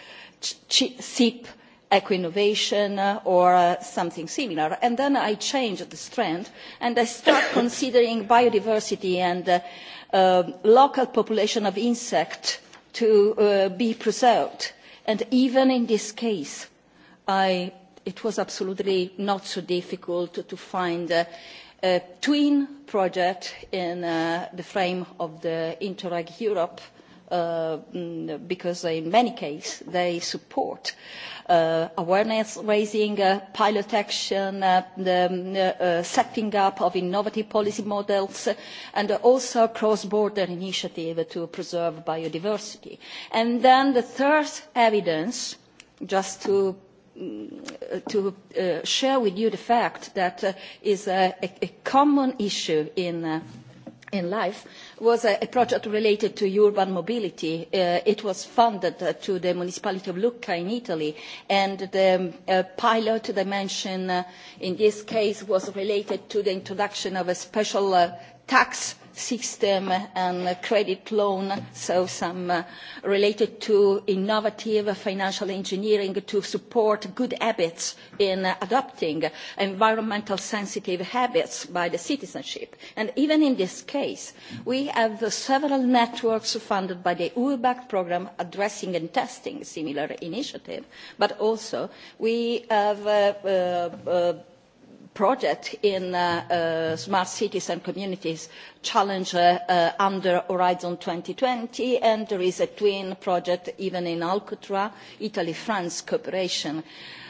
SIP equinovation uh, or uh, something similar. And then I changed the strand and I start considering biodiversity and uh, uh, local population of insects to uh, be preserved. And even in this case, I, it was absolutely not so difficult to find a, uh, a twin project in uh, the frame of the Interreg Europe uh, Uh, mm, because in many cases they support uh, awareness raising, uh, pilot action, uh, the um, uh, setting up of innovative policy models, and also cross-border initiative to preserve biodiversity. And then the third evidence, just to mm, to uh, share with you the fact that uh, is a, a, a common issue in, uh, in life was a, a project related to urban mobility. Uh, it was funded uh, to the municipality of Lucca in Italy, and the um, pilot uh, in this case was related to the introduction of a special uh, tax system and credit loan, so some uh, related to innovative financial engineering to support good habits in uh, adopting environmental sensitive habits by the citizenship. And even in this case, we have uh, several networks funded by the UBAC program addressing and testing similar initiative, but also we have uh, uh, uh, project in uh, uh, smart cities and communities challenge uh, uh, under Horizon 2020 and there is a twin project even in Alcutra, Italy-France cooperation. Uh,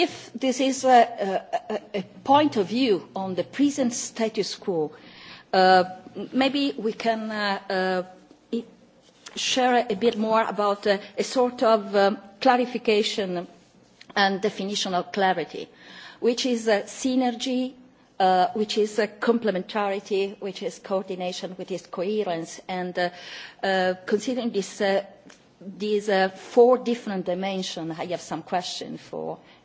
if this is a, a, a point of view on the present status quo, uh, maybe we can uh, uh, share a bit more about a, uh, a sort of um, clarification and definition of clarity, which is a synergy, uh, which is a complementarity, which is coordination, which is coherence, and uh, uh, considering this, uh, these uh, four different dimensions, I have some questions for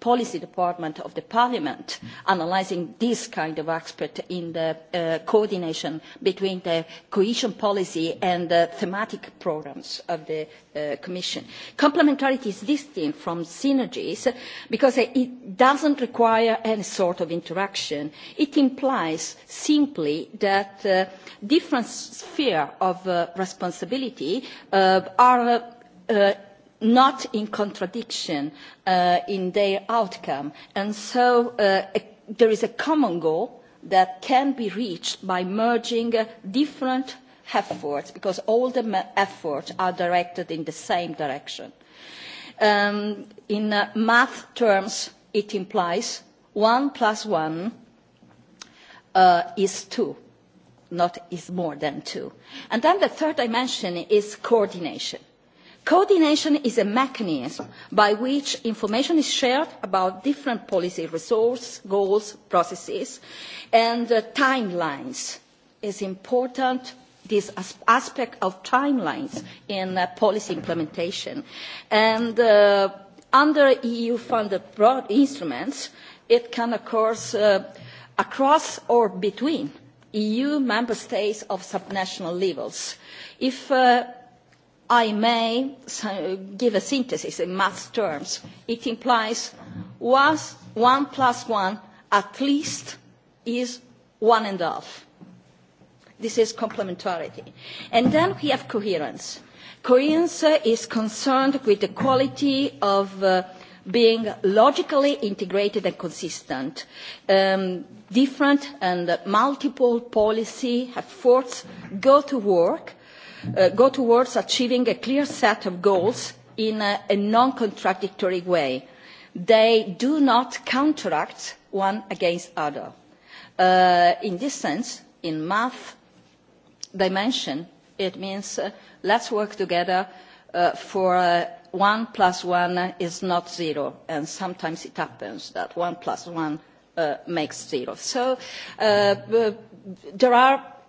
policy department of the parliament analysing this kind of aspect in the uh, coordination between the cohesion policy and the thematic programmes of the uh, commission. Complementarity is distinct from synergies because it doesn't require any sort of interaction. It implies simply that uh, different spheres of uh, responsibility uh, are uh, not in contradiction uh, in their outcome. And so uh, a, there is a common goal that can be reached by merging uh, different efforts, because all the efforts are directed in the same direction. Um, in uh, math terms, it implies one plus one uh, is two, not is more than two. And then the third dimension is coordination Coordination is a mechanism by which information is shared about different policy resources, goals, processes, and uh, timelines. It's important this as aspect of timelines in uh, policy implementation. And uh, under EU-funded instruments, it can occur uh, across or between EU member states of subnational levels. If uh, I may give a synthesis in math terms. It implies was one plus one at least is one and a half. This is complementarity. And then we have coherence. Coherence is concerned with the quality of uh, being logically integrated and consistent. Um, different and multiple policy efforts go to work uh, go towards achieving a clear set of goals in a, a non-contradictory way. They do not counteract one against other. Uh, in this sense, in math dimension, it means uh, let's work together uh, for uh, one plus one is not zero, and sometimes it happens that one plus one uh, makes zero. So uh, there are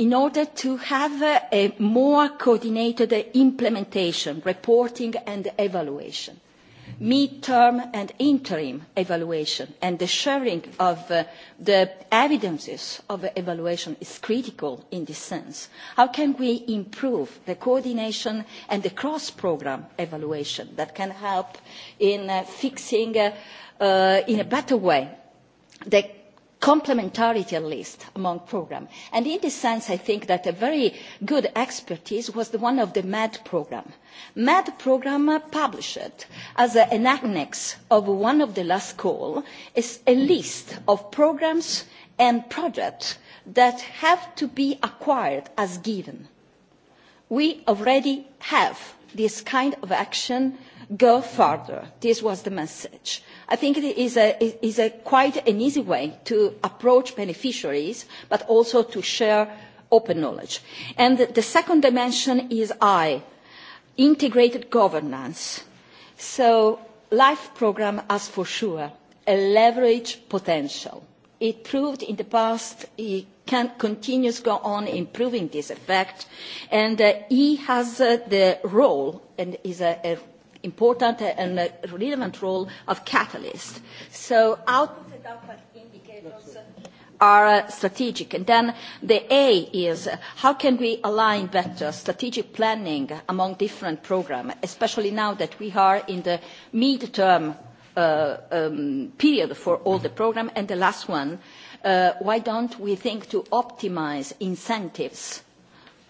in order to have a, a more coordinated implementation, reporting and evaluation, mid-term and interim evaluation, and the sharing of uh, the evidences of evaluation is critical in this sense. How can we improve the coordination and the cross-program evaluation that can help in uh, fixing uh, uh, in a better way the complementarity at least among programmes. And in this sense, I think that a very good expertise was the one of the MED programme. MED programme published as a, an annex of one of the last call is a list of programmes and projects that have to be acquired as given. We already have this kind of action go further. This was the message. I think it is, a, it is a quite an easy way to approach beneficiaries, but also to share open knowledge. And the second dimension is I, integrated governance. So life programme has for sure a leverage potential. It proved in the past it can continue to go on improving this effect, and uh, he has uh, the role and is a, a important and a relevant role of catalyst. So output and output indicators are uh, strategic. And then the A is uh, how can we align better strategic planning among different programs, especially now that we are in the mid-term uh, um, period for all the programs. And the last one, uh, why don't we think to optimize incentives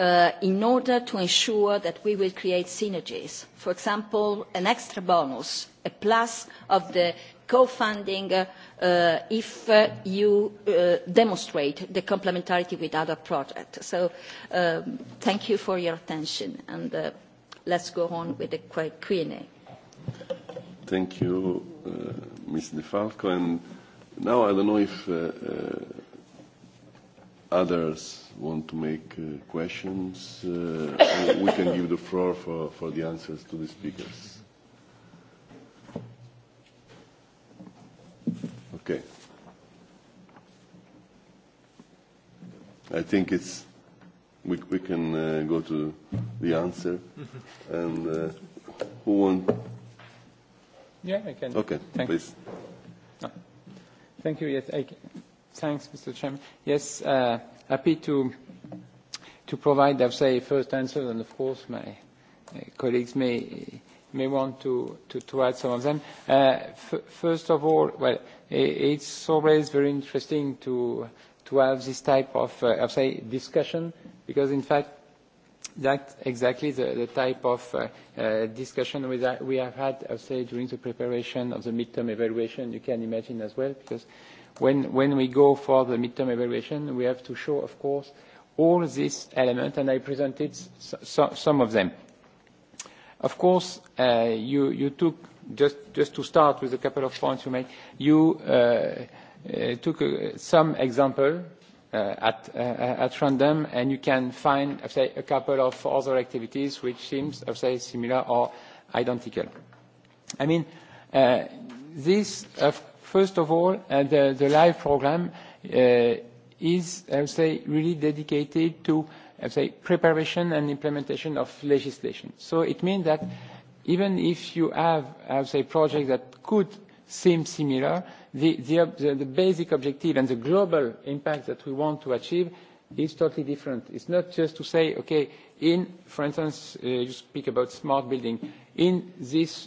Uh, in order to ensure that we will create synergies. For example, an extra bonus, a plus of the co-funding uh, uh, if uh, you uh, demonstrate the complementarity with other projects. So um, thank you for your attention and uh, let's go on with the Q&A. Thank you, uh, Ms. De Falco. And now I don't know if uh, uh, others want to make uh, questions, uh, we can give the floor for, for the answers to the speakers. Okay. I think it's we, we can uh, go to the answer. Mm-hmm. and uh, who wants? Yeah, I can. Okay, Thanks. please. Ah. Thank you. Yes, I can. Thanks, Mr. Chairman. Yes, uh, happy to, to provide, I'll say, first answer, and of course my uh, colleagues may, may want to, to, to add some of them. Uh, f first of all, well, it's always very interesting to, to have this type of, uh, I'll say, discussion, because in fact, that's exactly the, the type of uh, uh, discussion we, that we have had, I'll say, during the preparation of the midterm evaluation, you can imagine as well, because when, when we go for the midterm evaluation, we have to show, of course, all these elements, and I presented so, so, some of them. Of course, uh, you, you took, just, just to start with a couple of points you made, you uh, uh, took uh, some example uh, at, uh, at random, and you can find, I say, a couple of other activities which seems, I say, similar or identical. I mean, uh, this, of First of all, uh, the, the LIFE program uh, is, I would say, really dedicated to, I would say, preparation and implementation of legislation. So it means that even if you have, I would say, projects that could seem similar, the, the, the, the basic objective and the global impact that we want to achieve is totally different. It's not just to say, okay, in, for instance, uh, you speak about smart building. In this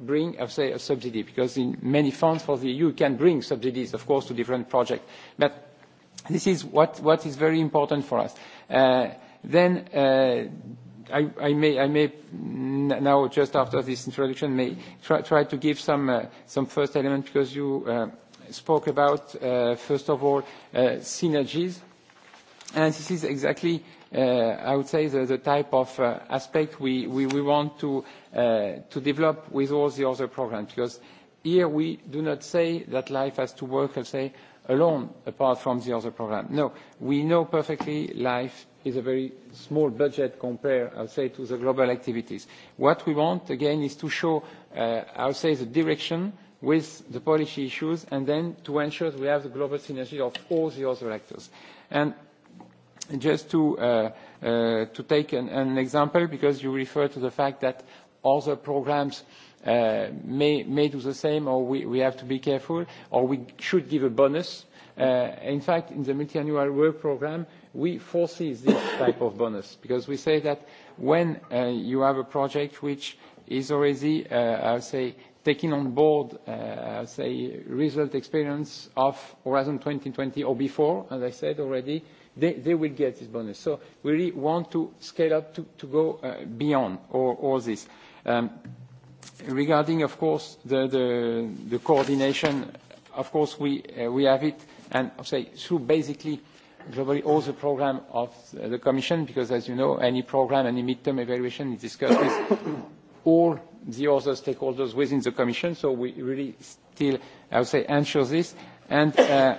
bring, I say, a subsidy, because in many funds for the EU you can bring subsidies, of course, to different projects. But this is what, what is very important for us. Uh, then uh, I, I, may, I may now, just after this introduction, may try, try to give some, uh, some first element, because you uh, spoke about, uh, first of all, uh, synergies And this is exactly, uh, I would say, the, the type of uh, aspect we, we, we want to, uh, to develop with all the other programs, because here we do not say that life has to work, let's say, alone, apart from the other program. No, we know perfectly life is a very small budget compared, I would say, to the global activities. What we want, again, is to show, uh, I would say, the direction with the policy issues and then to ensure that we have the global synergy of all the other actors. And just to, uh, uh, to take an, an example, because you refer to the fact that other programs uh, may, may do the same, or we, we have to be careful, or we should give a bonus. Uh, in fact, in the multi-annual work program, we foresee this type of bonus, because we say that when uh, you have a project which is already, uh, I would say, taking on board, uh, say, result experience of Horizon 2020 or before, as I said already, they, they will get this bonus. So we really want to scale up to, to go uh, beyond all, all this. Um, regarding, of course, the, the, the coordination, of course, we, uh, we have it, and I'll say through basically globally all the program of the Commission, because as you know, any program, any midterm evaluation is discussed with all the other stakeholders within the Commission, so we really still, I would say, ensure this. And uh,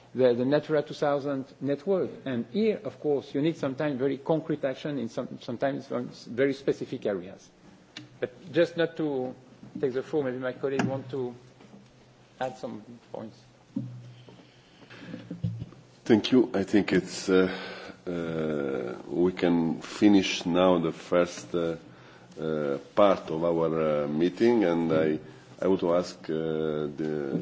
the, the Natura 2000 network. And here, of course, you need sometimes very concrete action in some, sometimes very specific areas. But just not to take the floor, maybe my colleague want to add some points. Thank you. I think it's, uh, uh, we can finish now the first uh, uh, part of our uh, meeting, and I, I want to ask uh, the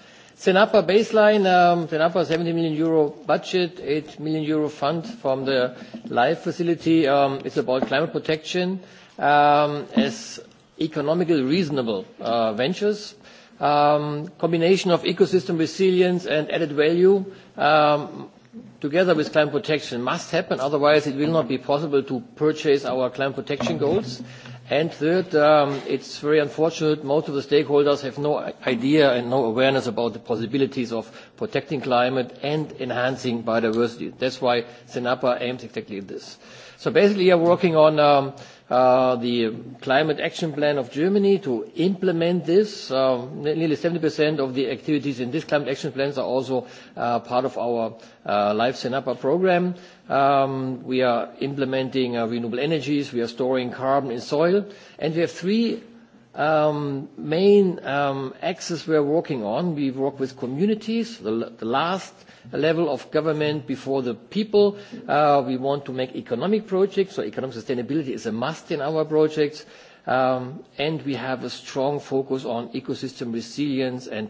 SENAPA baseline, um, CENAPA 70 million euro budget, 8 million euro fund from the LIFE facility. Um, it's about climate protection um, as economically reasonable uh, ventures. Um, combination of ecosystem resilience and added value um, together with climate protection must happen, otherwise it will not be possible to purchase our climate protection goals. And third, um, it's very unfortunate most of the stakeholders have no idea and no awareness about the possibilities of protecting climate and enhancing biodiversity. That's why CENAPA aims exactly at this. So basically, we are working on um, uh, the climate action plan of Germany to implement this. Um, nearly 70% of the activities in this climate action plans are also uh, part of our uh, Life CENAPA program. Um, we are implementing uh, renewable energies. We are storing carbon in soil. And we have three um, main um, axes we are working on. We work with communities, the, the last level of government before the people. Uh, we want to make economic projects, so economic sustainability is a must in our projects. Um, and we have a strong focus on ecosystem resilience and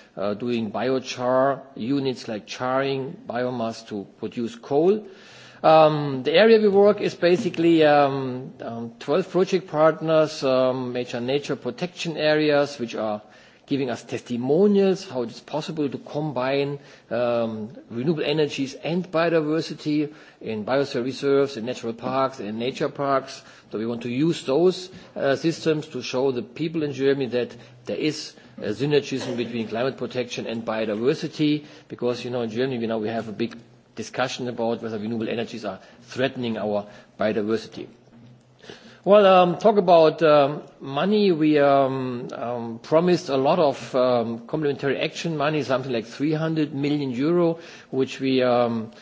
uh, doing biochar units like charring biomass to produce coal. Um, the area we work is basically um, um, 12 project partners, um, major nature protection areas, which are giving us testimonials how it's possible to combine um, renewable energies and biodiversity in biosphere reserves, in natural parks, in nature parks. So we want to use those uh, systems to show the people in Germany that there is uh, synergism between climate protection and biodiversity, because, you know, in Germany, you know, we have a big discussion about whether renewable energies are threatening our biodiversity. Well, um, talk about um, money. We um, um, promised a lot of um, complementary action money, something like 300 million euro, which we um, –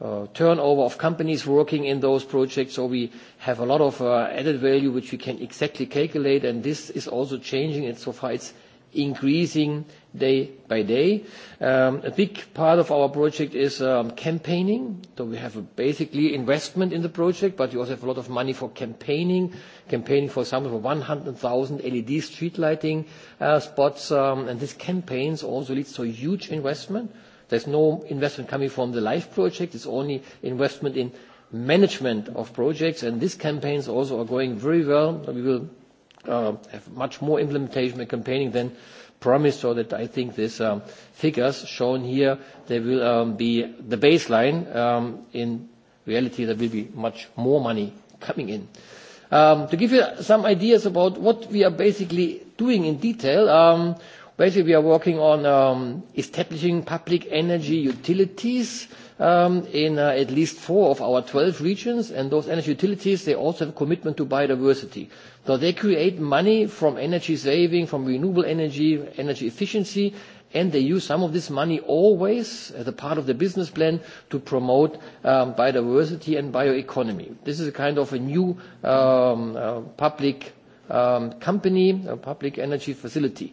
uh, turnover of companies working in those projects, so we have a lot of uh, added value which we can exactly calculate, and this is also changing, and so far it's increasing day by day. Um, a big part of our project is um, campaigning. So we have a basically investment in the project, but we also have a lot of money for campaigning. Campaigning, for example, for 100,000 LED e street lighting uh, spots, um, and these campaigns also leads to a huge investment. There's no investment coming from the LIFE project. It's only investment in management of projects. And these campaigns also are going very well. We will uh, have much more implementation and campaigning than promised, so that I think these um, figures shown here, they will um, be the baseline. Um, in reality, there will be much more money coming in. Um, to give you some ideas about what we are basically doing in detail, um, Basically, we are working on um, establishing public energy utilities um, in uh, at least four of our 12 regions, and those energy utilities, they also have a commitment to biodiversity. So they create money from energy saving, from renewable energy, energy efficiency, and they use some of this money always as a part of the business plan to promote um, biodiversity and bioeconomy. This is a kind of a new um, uh, public um, company, a public energy facility.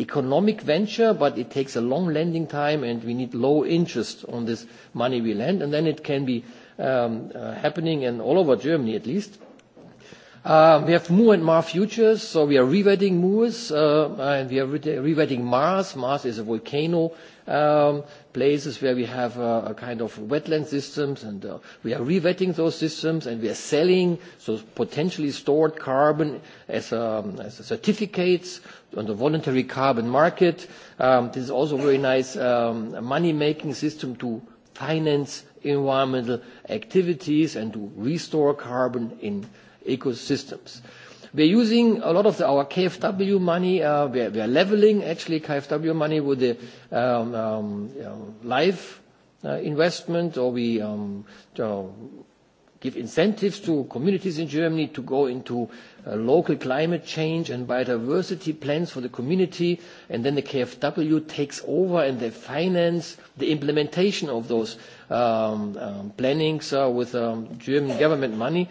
economic venture, but it takes a long lending time and we need low interest on this money we lend, and then it can be um, uh, happening in all over Germany at least. Uh, we have Moore and Mar futures, so we are rewetting Moors, uh, and we are rewetting Mars. Mars is a volcano um, places where we have uh, a kind of wetland systems and uh, we are rewetting those systems and we are selling so potentially stored carbon as, um, as certificates on the voluntary carbon market. Um, this is also a very nice um, money-making system to finance environmental activities and to restore carbon in ecosystems. Mm -hmm. We're using a lot of the, our KFW money. Uh, we're, we're leveling actually KFW money with the um, um, you um, know, life uh, investment, or we um, you know, give incentives to communities in Germany to go into uh, local climate change and biodiversity plans for the community, and then the KFW takes over and they finance the implementation of those um, um, plannings uh, with um, German government money.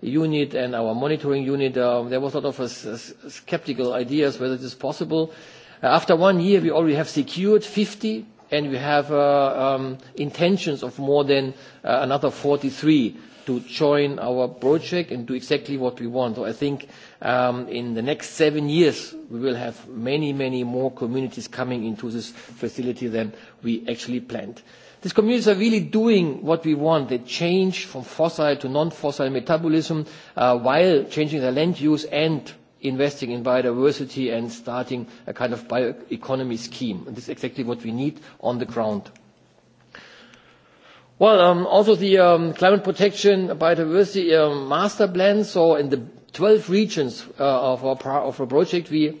unit and our monitoring unit, uh, there was a lot of uh, skeptical ideas whether it is possible. Uh, after one year, we already have secured 50 and we have uh, um, intentions of more than uh, another 43 to join our project and do exactly what we want. So I think um, in the next seven years we will have many, many more communities coming into this facility than we actually planned. These communities are really doing what we want. They change from fossil to non-fossil metabolism uh, while changing their land use and investing in biodiversity and starting a kind of bioeconomy scheme. And this is exactly what we need on the ground. Well, um, also the um, climate protection biodiversity um, master plan. So in the 12 regions uh, of, our, of our project, we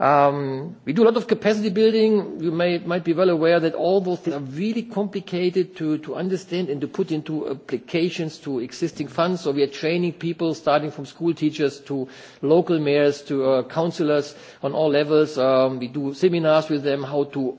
Um, we do a lot of capacity building. You may, might be well aware that all those things are really complicated to, to understand and to put into applications to existing funds. So we are training people starting from school teachers to local mayors to uh, councillors on all levels. Um, we do seminars with them how to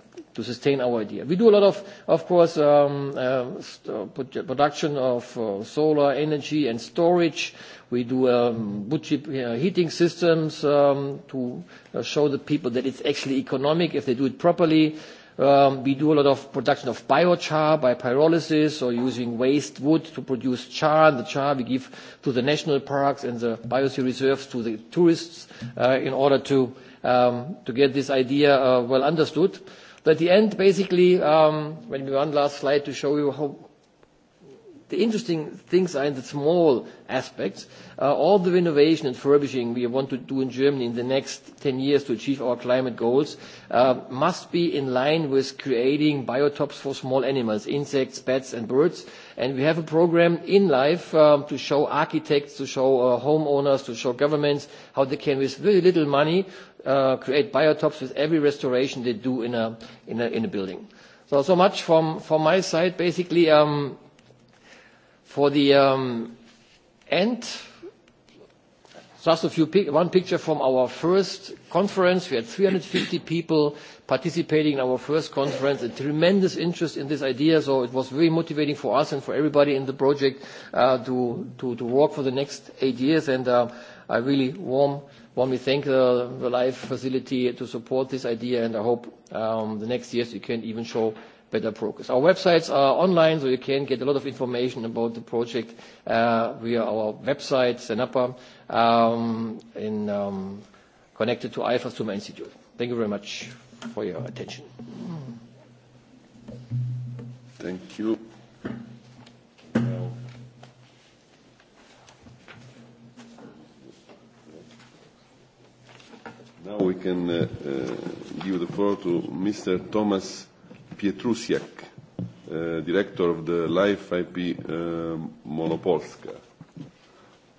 to sustain our idea. We do a lot of, of course, um, uh, uh production of uh, solar energy and storage. We do um, chip uh, heating systems um, to uh, show the people that it's actually economic if they do it properly. Um, we do a lot of production of biochar by pyrolysis or using waste wood to produce char. And the char we give to the national parks and the biosphere reserves to the tourists uh, in order to, um, to get this idea uh, well understood. But at the end, basically, um, when we one last slide to show you how the interesting things are in the small aspects. Uh, all the renovation and furbishing we want to do in Germany in the next 10 years to achieve our climate goals uh, must be in line with creating biotopes for small animals, insects, bats and birds. And we have a program in life um, to show architects, to show uh, homeowners, to show governments how they can, with very little money, uh, create biotopes with every restoration they do in a, in a, in a building. So, so much from, from my side, basically, um, for the um, end, just a few, one picture from our first conference. We had 350 people participating in our first conference, a tremendous interest in this idea, so it was very motivating for us and for everybody in the project uh, to, to, to work for the next eight years, and uh, I really warm warmly thank the, the LIFE facility to support this idea, and I hope um, the next years you can even show better progress. Our websites are online, so you can get a lot of information about the project uh, via our website, Senapa, um, in, um, connected to IFA Summa Institute. Thank you very much for your attention. Thank you. Now, Now we can uh, uh, give the floor to Mr. Thomas Pietrusiak, uh, director of the Life IP uh, Monopolska.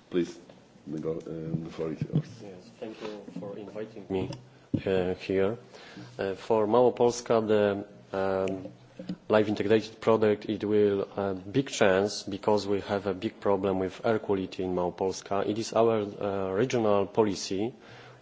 Please, the, uh, the floor is yours. Yes, thank you for inviting me uh, here. Uh, for Monopolska, the um, live integrated product, it will a uh, big chance because we have a big problem with air quality in Małopolska. It is our uh, regional policy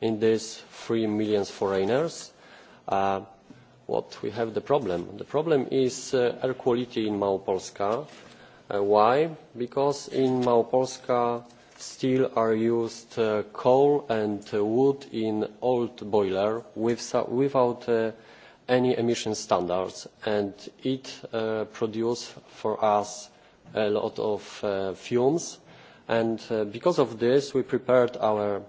in these three million foreigners. Uh, what we have the problem? The problem is uh, air quality in Małopolska. Uh, why? Because in Małopolska still are used uh, coal and uh, wood in old boiler with, without uh, any emission standards and it uh, produces for us a lot of uh, fumes and uh, because of this we prepared our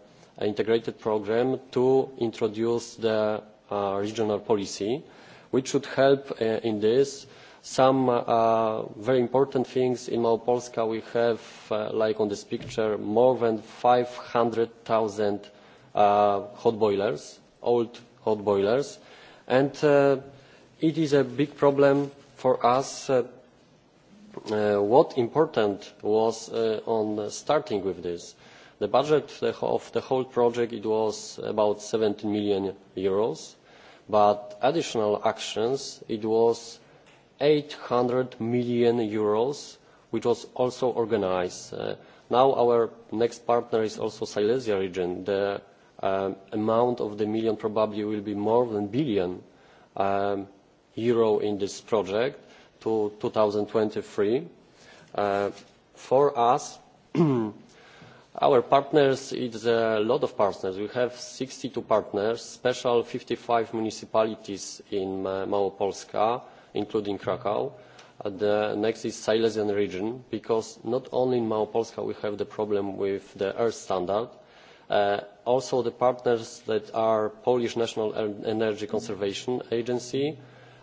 integrated programme to introduce the uh, regional policy, which should help uh, in this. Some uh, very important things in Małopolska we have, uh, like on this picture, more than 500,000 uh, hot boilers, old hot boilers, and uh, it is a big problem for us. Uh, uh, what important was uh, on starting with this? Uh, The budget of the whole project it was about 17 million euros, but additional actions it was 800 million euros, which was also organized. Uh, now our next partner is also Silesia region. The um, amount of the million probably will be more than billion um, euro in this project to 2023. Uh, for us, Our partners, it's a lot of partners. We have 62 partners, special 55 municipalities in Małopolska, including Krakow. Uh, the next is Silesian region, because not only in Małopolska we have the problem with the air standard, uh, also the partners that are Polish National Energy Conservation Agency,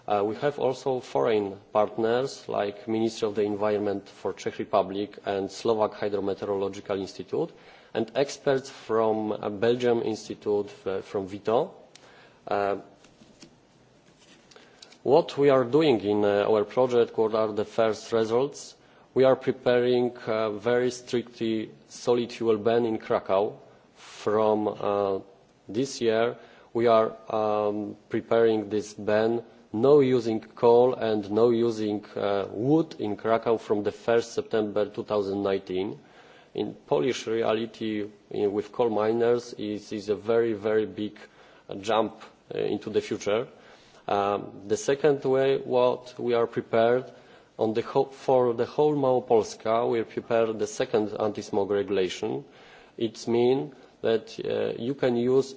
Uh, we have also foreign partners like Ministry of the Environment for Czech Republic and Slovak Hydrometeorological Institute and experts from the uh, Belgium Institute uh, from Vito. Uh, what we are doing in uh, our project, what are the first results? We are preparing a very strictly solid fuel ban in Krakow from uh, this year. We are um, preparing this ban no using coal and no using uh, wood in Krakow from the 1st September 2019. In Polish reality, in, eh, with coal miners, is, is a very, very big uh, jump uh, into the future. Um, the second way, what we are prepared on the ho for the whole Małopolska, we prepared the second anti-smog regulation. It means that uh, you can use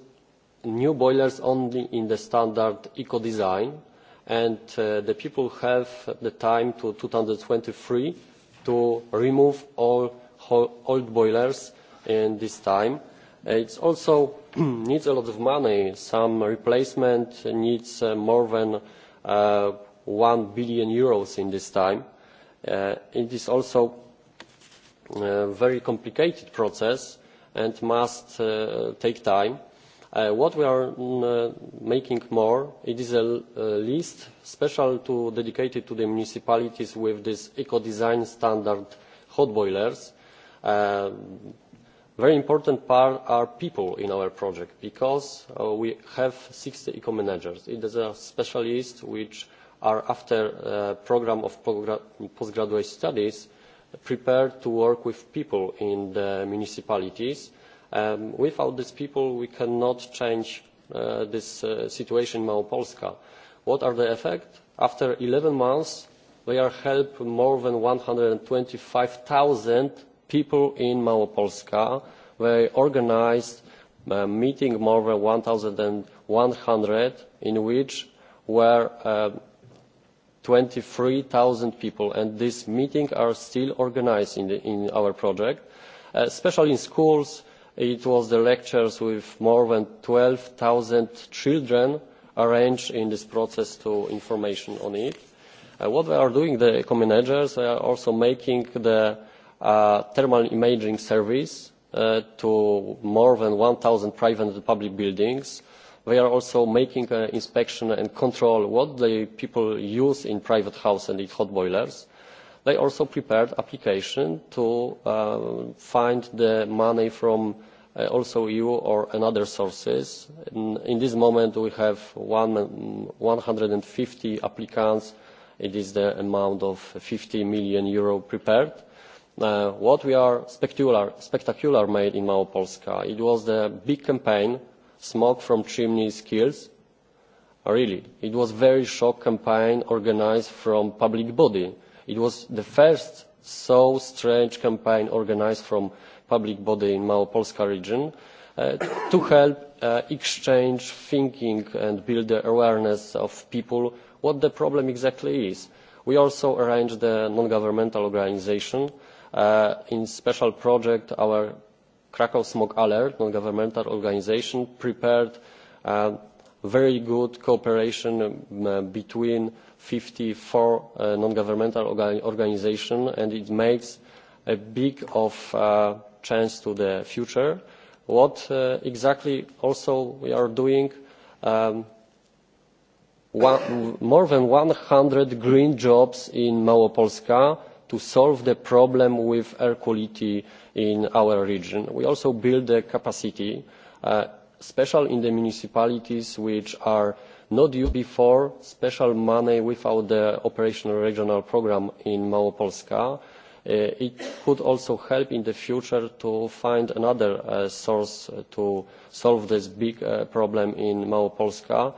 new boilers only in the standard eco-design, and uh, the people have the time to 2023 to remove all old boilers in this time. It also needs a lot of money. Some replacement needs uh, more than uh, 1 billion euros in this time. Uh, it is also a uh, very complicated process and must uh, take time Uh, what we are mm, uh, making more, it is a, a list special to, dedicated to the municipalities with this eco-design standard hot boilers. Uh, very important part are people in our project because uh, we have 60 eco-managers. It is a specialist which are after a uh, program of postgraduate studies prepared to work with people in the municipalities Um, without these people, we cannot change uh, this uh, situation in Małopolska. What are the effects? After 11 months, they are helped more than 125,000 people in Małopolska. They organized a uh, meeting more than 1,100 in which were uh, um, 23,000 people. And this meeting are still organized in, the, in our project, uh, especially in schools, It was the lectures with more than 12,000 children arranged in this process to information on it. Uh, what they are doing, the eco managers, they are also making the uh, thermal imaging service uh, to more than 1,000 private and public buildings. They are also making uh, inspection and control what the people use in private house and in hot boilers They also prepared application to uh, find the money from uh, also EU or another sources. In, in this moment, we have one, um, 150 applicants. It is the amount of 50 million euro prepared. Uh, what we are spectacular, spectacular made in Małopolska, it was the big campaign, Smoke from Chimney Skills. Really, it was a very shock campaign organized from public body It was the first so strange campaign organised from public body in Małopolska region uh, to help uh, exchange thinking and build the awareness of people what the problem exactly is. We also arranged a non-governmental organisation uh, in special project our Krakow Smog Alert, non-governmental organisation prepared uh, very good cooperation um, uh, between fifty four uh, non-governmental organ organizations and it makes a big of uh, chance to the future. What uh, exactly also we are doing, um, one, more than 100 green jobs in Małopolska to solve the problem with air quality in our region. We also build the capacity, uh, special in the municipalities which are not due before special money without the operational regional programme in Małopolska. Uh, eh, it could also help in the future to find another uh, source to solve this big uh, problem in Małopolska.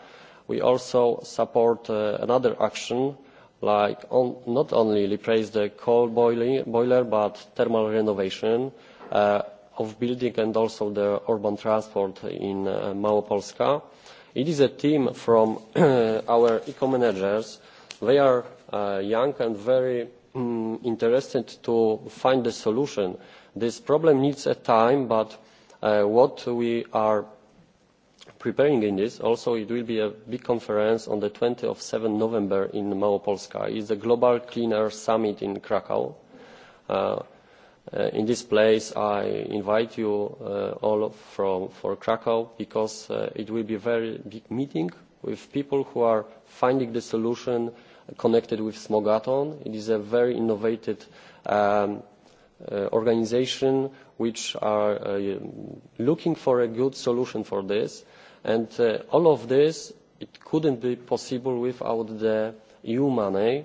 We also support uh, another action like on, not only replace the coal boiling, boiler but thermal renovation uh, of building and also the urban transport in uh, Małopolska. It is a team from uh, our eco-managers. They are uh, young and very um, interested to find a solution. This problem needs a time, but uh, what we are preparing in this, also it will be a big conference on the 20 of 7 November in Małopolska. It's the Global Cleaner Summit in Krakow. Uh, Uh, in this place, I invite you uh, all from for Krakow because uh, it will be a very big meeting with people who are finding the solution connected with Smogaton. It is a very innovative um, uh, organization which are uh, looking for a good solution for this. And uh, all of this, it couldn't be possible without the EU eh? money.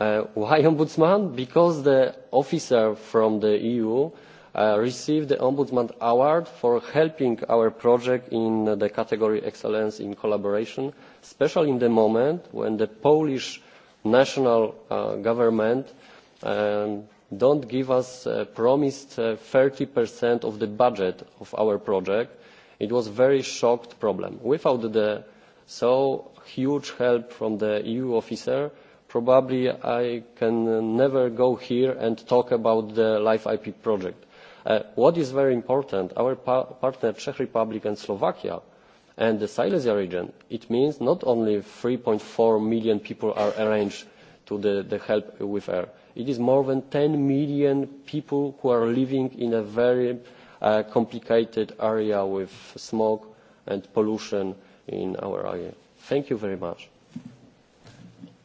Uh, why ombudsman? Because the officer from the EU uh, received the Ombudsman Award for helping our project in the category Excellence in Collaboration, especially in the moment when the Polish national uh, government um, don't give us uh, promised uh, 30% of the budget of our project. It was a very shocked problem. Without the so huge help from the EU officer, probably I can uh, never go here and talk about the Life IP project. Uh, what is very important, our pa partner Czech Republic and Slovakia and the Silesia region, it means not only 3.4 million people are arranged to the, the help with air. It is more than 10 million people who are living in a very uh, complicated area with smoke and pollution in our area. Thank you very much.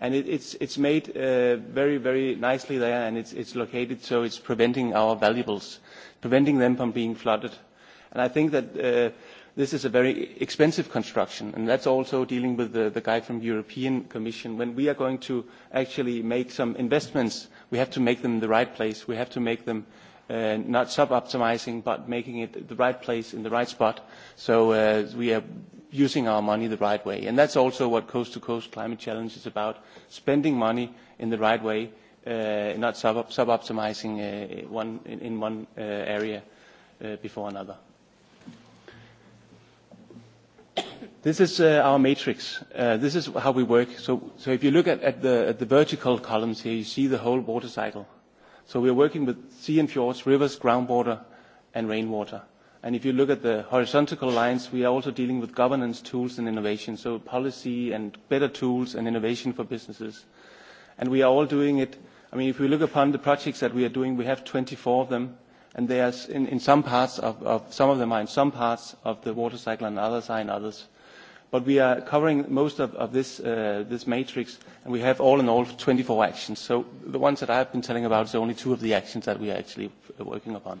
And it, it's, it's made uh, very, very nicely there, and it's, it's located so it's preventing our valuables, preventing them from being flooded. And I think that uh, this is a very expensive construction, and that's also dealing with the, the guy from the European Commission. When we are going to actually make some investments, we have to make them in the right place. We have to make them uh, not sub-optimizing, but making it the right place in the right spot. So uh, we are using our money the right way. And that's also what Coast to Coast Climate Challenge is about, spending money in the right way, uh, not sub-optimizing sub, uh, one, in, in one uh, area uh, before another. This is uh, our matrix. Uh, this is how we work. So, so if you look at, at, the, at the vertical columns here, you see the whole water cycle. So we are working with sea and fjords, rivers, groundwater, and rainwater. Uh, And if you look at the horizontal lines, we are also dealing with governance tools and innovation, so policy and better tools and innovation for businesses. And we are all doing it. I mean, if we look upon the projects that we are doing, we have 24 of them, and they are in, in some parts of, of some of them are in some parts of the water cycle, and others are in others. But we are covering most of, of this, uh, this matrix, and we have all in all 24 actions. So the ones that I have been telling about is only two of the actions that we are actually uh, working upon.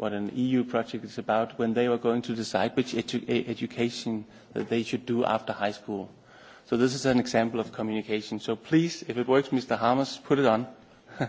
what an EU project is about when they were going to decide which edu e-, education that they should do after high school. So this is an example of communication. So please, if it works, Mr. Hamas, put it on.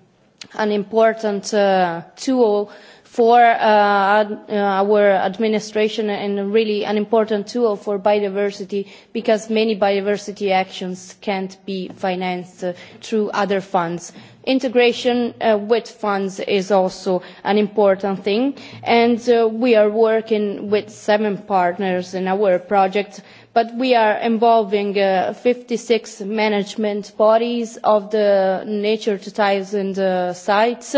an important uh, tool for uh, ad, uh, our administration and really an important tool for biodiversity because many biodiversity actions can't be financed uh, through other funds. Integration uh, with funds is also an important thing and uh, we are working with seven partners in our project but we are involving uh, 56 management bodies of the Nature 2000 uh, sites,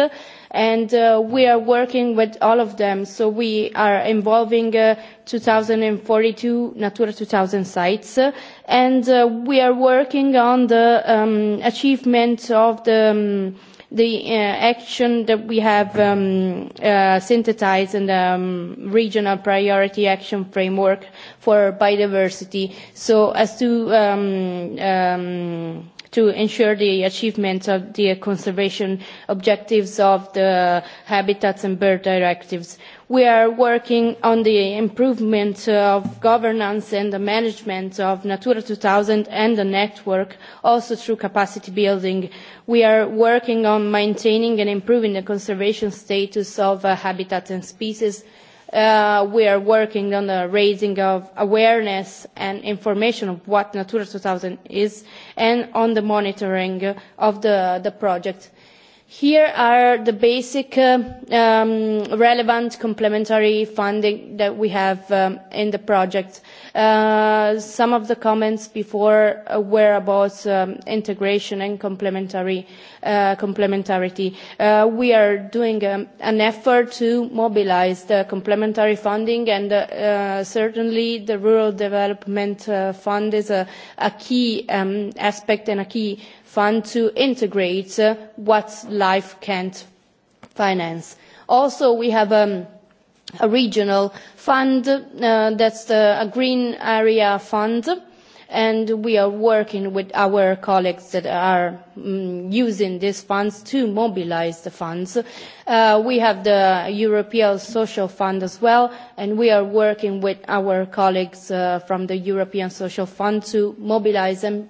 and uh, we are working with all of them. So we are involving uh, 2042 Natura 2000 sites, and uh, we are working on the um, achievement of the um, the uh, action that we have um, uh, synthesized in the um, regional priority action framework for biodiversity so as to um, um, to ensure the achievement of the conservation objectives of the habitats and bird directives We are working on the improvement of governance and the management of Natura 2000 and the network, also through capacity building. We are working on maintaining and improving the conservation status of uh, habitats and species. Uh, we are working on the raising of awareness and information of what Natura 2000 is and on the monitoring of the, the project. Here are the basic uh, um, relevant complementary funding that we have um, in the project. Uh, some of the comments before uh, were about um, integration and complementary, uh, complementarity. Uh, we are doing um, an effort to mobilize the complementary funding and uh, uh, certainly the Rural Development uh, Fund is a, a key um, aspect and a key fund to integrate uh, what life can't finance. Also, we have um, a regional fund, uh, that's the, a green area fund, and we are working with our colleagues that are um, using these funds to mobilize the funds. Uh, we have the European Social Fund as well, and we are working with our colleagues uh, from the European Social Fund to mobilize and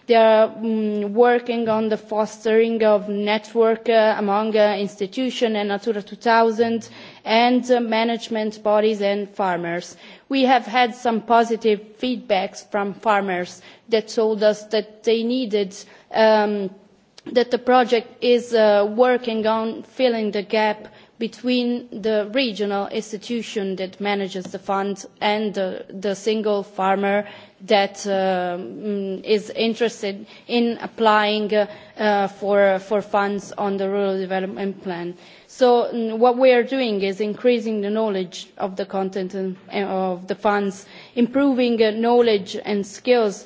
They are um, mm, working on the fostering of network uh, among uh, institutions and Natura 2000 and uh, management bodies and farmers. We have had some positive feedbacks from farmers that told us that they needed um, that the project is uh, working on filling the gap between the regional institution that manages the fund and the, the single farmer that uh, mm, is interested in applying uh, uh, for, for funds on the rural development plan. So mm, what we are doing is increasing the knowledge of the content and, uh, of the funds, improving uh, knowledge and skills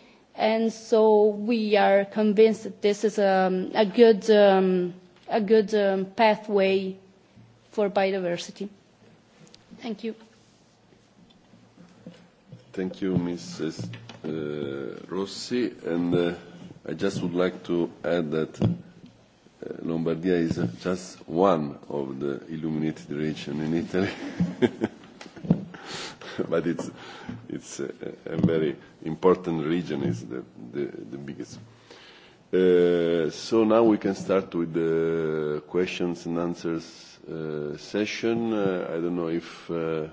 and so we are convinced that this is a, um, a good, um, a good um, pathway for biodiversity. Thank you. Thank you, Mrs. Uh, Rossi. And uh, I just would like to add that uh, Lombardia is uh just one of the illuminated regions in Italy. but it's, it's a, a very important region, is the, the, the biggest. Uh, so now we can start with the questions and answers uh, session. Uh, I don't know if uh,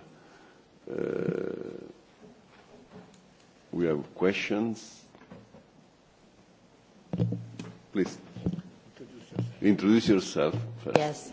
uh, we have questions. Please, introduce yourself first. Yes.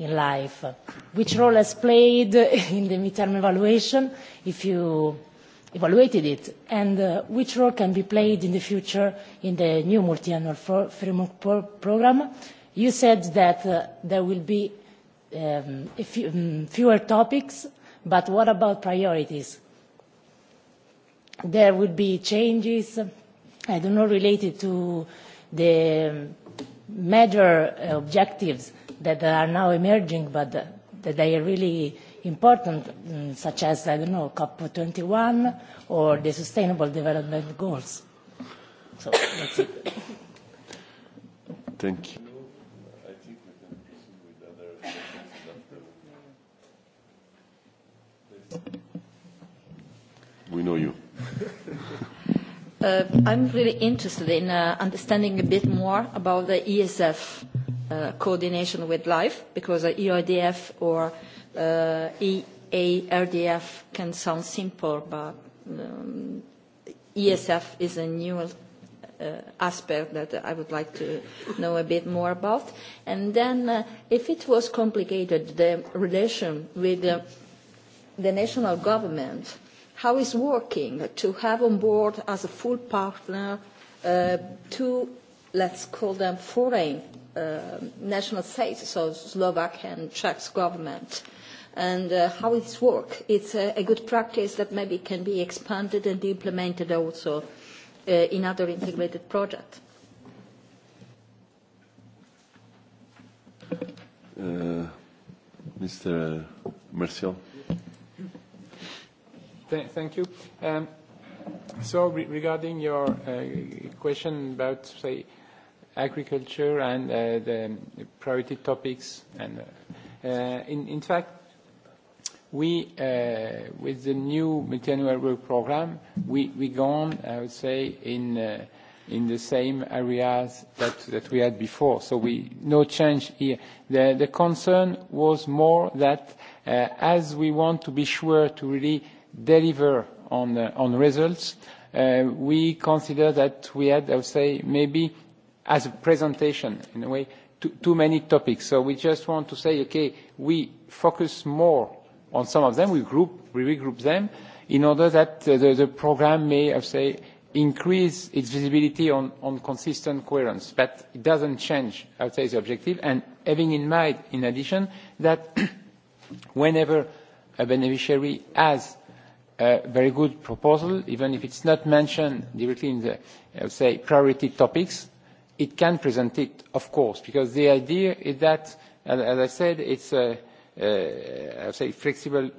in life. Which role has played in the midterm evaluation, if you evaluated it, and uh, which role can be played in the future in the new multi-annual framework pro program? You said that uh, there will be um, few, um, fewer topics, but what about priorities? There will be changes, I don't know, related to the major uh, objectives that are now emerging, but that they are really important, mm, such as, I don't know, COP21 or the Sustainable Development Goals. So that's it. Thank you. We know you. uh, I'm really interested in uh, understanding a bit more about the ESF Uh, coordination with LIFE because the EIDF or uh, EARDF can sound simple, but um, ESF is a new uh, aspect that I would like to know a bit more about. And then uh, if it was complicated, the relation with uh, the national government, how is working to have on board as a full partner uh, two, let's call them foreign uh, national states, so Slovak and Czech government, and uh, how it's work. It's a, a good practice that maybe can be expanded and implemented also uh, in other integrated projects. Uh, Mr. Marcel. Th thank you. Um, so re regarding your uh, question about, say, agriculture and uh, the priority topics. And, uh, uh, in, in fact, we, uh, with the new multi-annual work program, we, we gone, I would say, in, uh, in the same areas that, that we had before. So we, no change here. The, the concern was more that uh, as we want to be sure to really deliver on, uh, on results, uh, we consider that we had, I would say, maybe as a presentation, in a way, too, too many topics. So we just want to say, okay, we focus more on some of them, we group, we regroup them, in order that uh, the, the program may, I say, increase its visibility on, on consistent coherence. But it doesn't change, I would say, the objective. And having in mind, in addition, that whenever a beneficiary has a very good proposal, even if it's not mentioned directly in the, I would say, priority topics, it can present it, of course, because the idea is that, as, I said, it's a, a I say flexible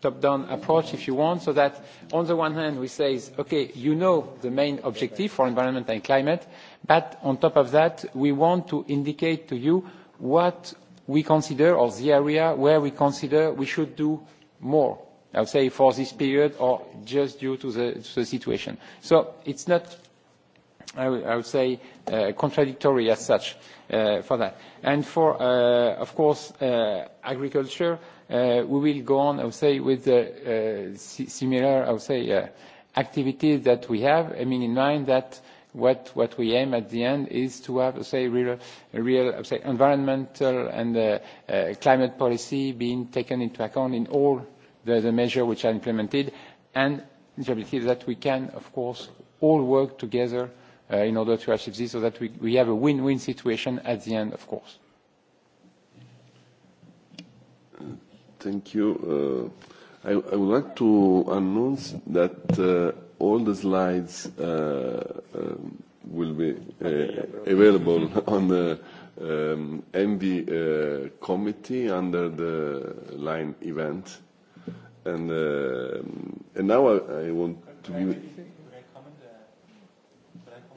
top-down approach, if you want, so that on the one hand we say, okay, you know the main objective for environment and climate, but on top of that we want to indicate to you what we consider, or the area where we consider we should do more. I would say for this period or just due to the, to the situation. So it's not, I, I would say, uh, contradictory as such uh, for that. And for, uh, of course, uh, agriculture, uh, we will go on, I would say, with the uh, uh similar, I would say, uh, activities that we have, I mean, in mind that what, what we aim at the end is to have, say, real, real say, environmental and uh, uh, climate policy being taken into account in all the, the measures which are implemented, and the that we can, of course, all work together uh, in order to achieve this so that we, we have a win-win situation at the end, of course. Thank you. Uh, I, I would like to announce that uh, all the slides uh, um, will be uh, available on the um, MV uh, committee under the line event. And, uh, and now I, I want to be...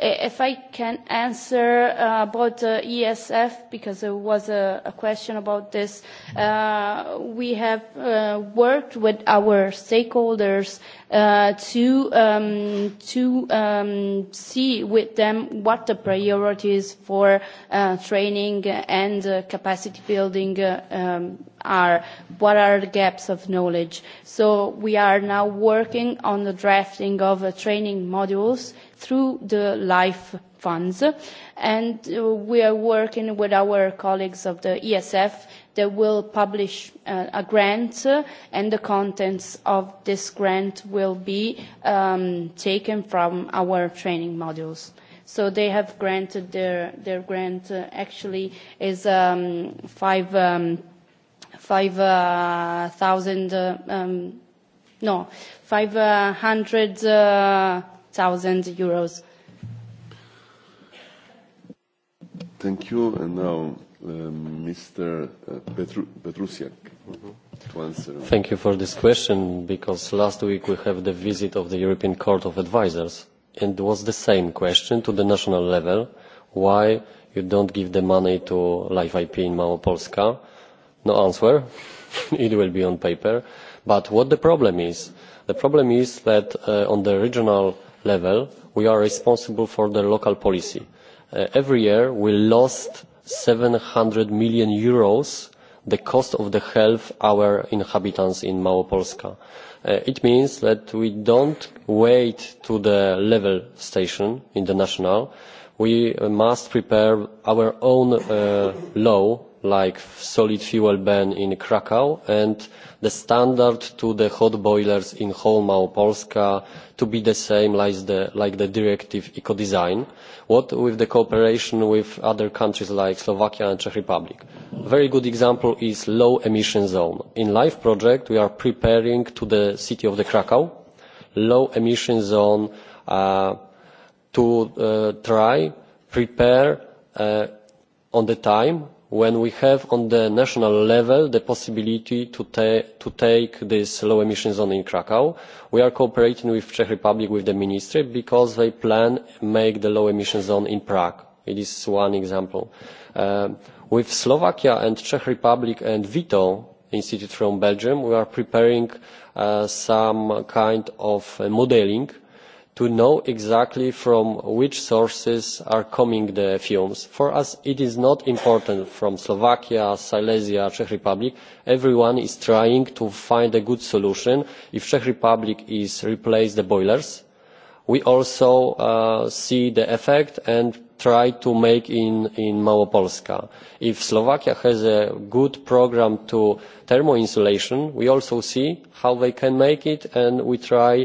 Uh, if I can answer uh, about the ESF, because there was a, a question about this, uh, we have uh, worked with our stakeholders uh, to, um, to um, see with them what the priorities for uh, training and uh, capacity building uh, um, are, what are the gaps of knowledge. So we are now working on the drafting of uh, training modules through the LIFE funds and uh, we are working with our colleagues of the ESF they will publish uh, a grant uh, and the contents of this grant will be um, taken from our training modules. So they have granted their, their grant uh, actually is um, five, um, five uh, thousand, uh, um, no, five uh, hundred uh, thousand euros. Thank you. And now um, uh, Mr. Uh, Petru Petrusiak mm -hmm. to answer. Thank you for this question because last week we have the visit of the European Court of Advisors and it was the same question to the national level why you don't give the money to Life IP in Małopolska. No answer. it will be on paper. But what the problem is? The problem is that uh, on the regional level, we are responsible for the local policy. Uh, every year, we lost 700 million euros the cost of the health our inhabitants in Małopolska. Uh, it means that we don't wait to the level station international. We must prepare our own uh, law like solid fuel ban in Krakow and the standard to the hot boilers in Holma or Polska to be the same like the, like the directive eco-design. What with the cooperation with other countries like Slovakia and Czech Republic? A very good example is low emission zone. In LIFE project we are preparing to the city of the Krakow low emission zone uh, to uh, try prepare uh, on the time when we have on the national level the possibility to, ta to take this low emission zone in Krakow. We are cooperating with Czech Republic, with the ministry, because they plan to make the low emission zone in Prague. It is one example. Um, with Slovakia and Czech Republic and Vito Institute from Belgium, we are preparing uh, some kind of uh, modeling uh, to know exactly from which sources are coming the fumes. For us, it is not important from Slovakia, Silesia, Czech Republic. Everyone is trying to find a good solution. If Czech Republic is replace the boilers, we also uh, see the effect and try to make in, in Małopolska. If Slovakia has a good program to thermo insulation, we also see how they can make it and we try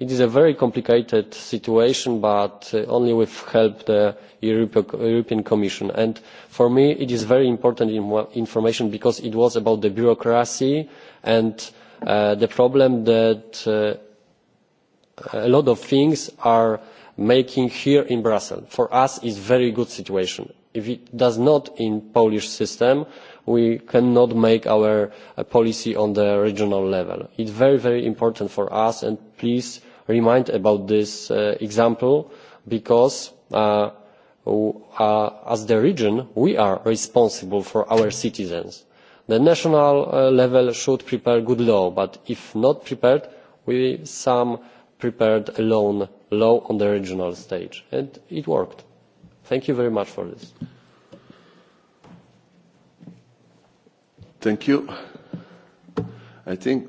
It is a very complicated situation, but uh, only with help the European Commission. And for me, it is very important information because it was about the bureaucracy and uh, the problem that uh, a lot of things are making here in Brussels. For us, is very good situation. If it does not in Polish system, we cannot make our uh, policy on the regional level. It's very, very important for us, and please remind about this uh, example because uh, uh, as the region, we are responsible for our citizens. The national uh, level should prepare good law, but if not prepared, we some prepared a loan law on the regional stage, and it worked. Thank you very much for this. Thank you. I think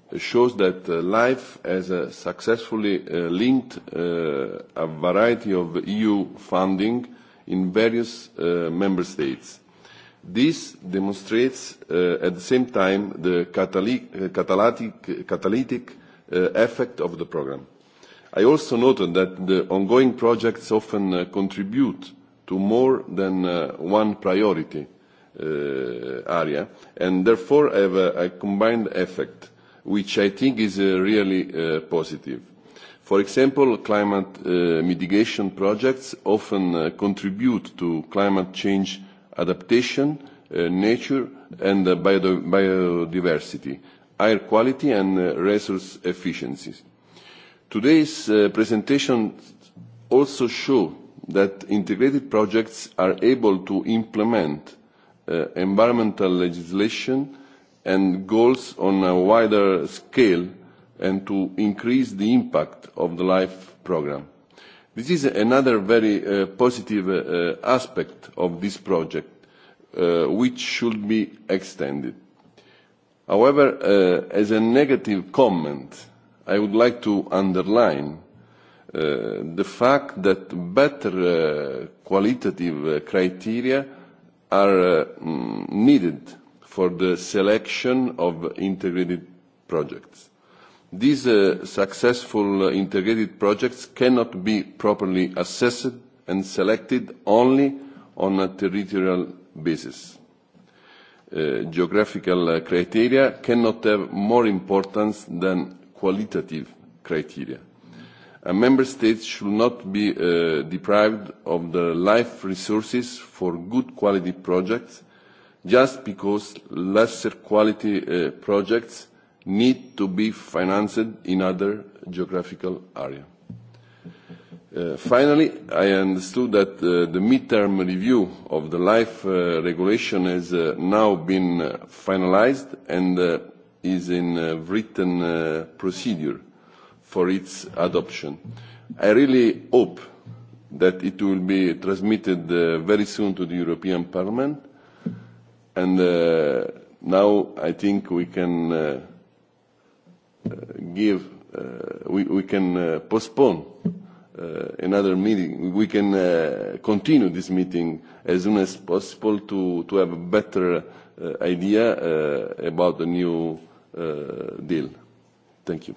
shows that uh, LIFE has uh, successfully uh, linked uh, a variety of EU funding in various uh, member states. This demonstrates uh, at the same time the catalytic, catalytic, catalytic uh, effect of the programme. I also noted that the ongoing projects often uh, contribute to more than uh, one priority uh, area and therefore have a, a combined effect which I think is uh, really uh, positive. For example, climate uh, mitigation projects often uh, contribute to climate change adaptation, uh, nature and uh, biodiversity, air quality and uh, resource efficiencies. Today's uh, presentation also show that integrated projects are able to implement uh, environmental legislation and goals on a wider scale and to increase the impact of the LIFE programme. This is another very uh, positive uh, uh, aspect of this project, uh, which should be extended. However, uh, as a negative comment, I would like to underline uh, the fact that better uh, qualitative uh, criteria are uh, mm, needed for the selection of integrated projects. These uh, successful uh, integrated projects cannot be properly assessed and selected only on a territorial basis. Uh, geographical uh, criteria cannot have more importance than qualitative criteria. A member state should not be uh, deprived of the life resources for good quality projects just because lesser quality uh, projects need to be financed in other geographical areas. Uh, finally, I understood that uh, the midterm review of the life uh, regulation has uh, now been uh, finalized and uh, is in uh, written uh, procedure for its adoption. I really hope that it will be transmitted uh, very soon to the European Parliament And uh, now I think we can uh, uh, give, uh, we, we can uh, postpone uh, another meeting. We can uh, continue this meeting as soon as possible to, to have a better uh, idea uh, about the new uh, deal. Thank you.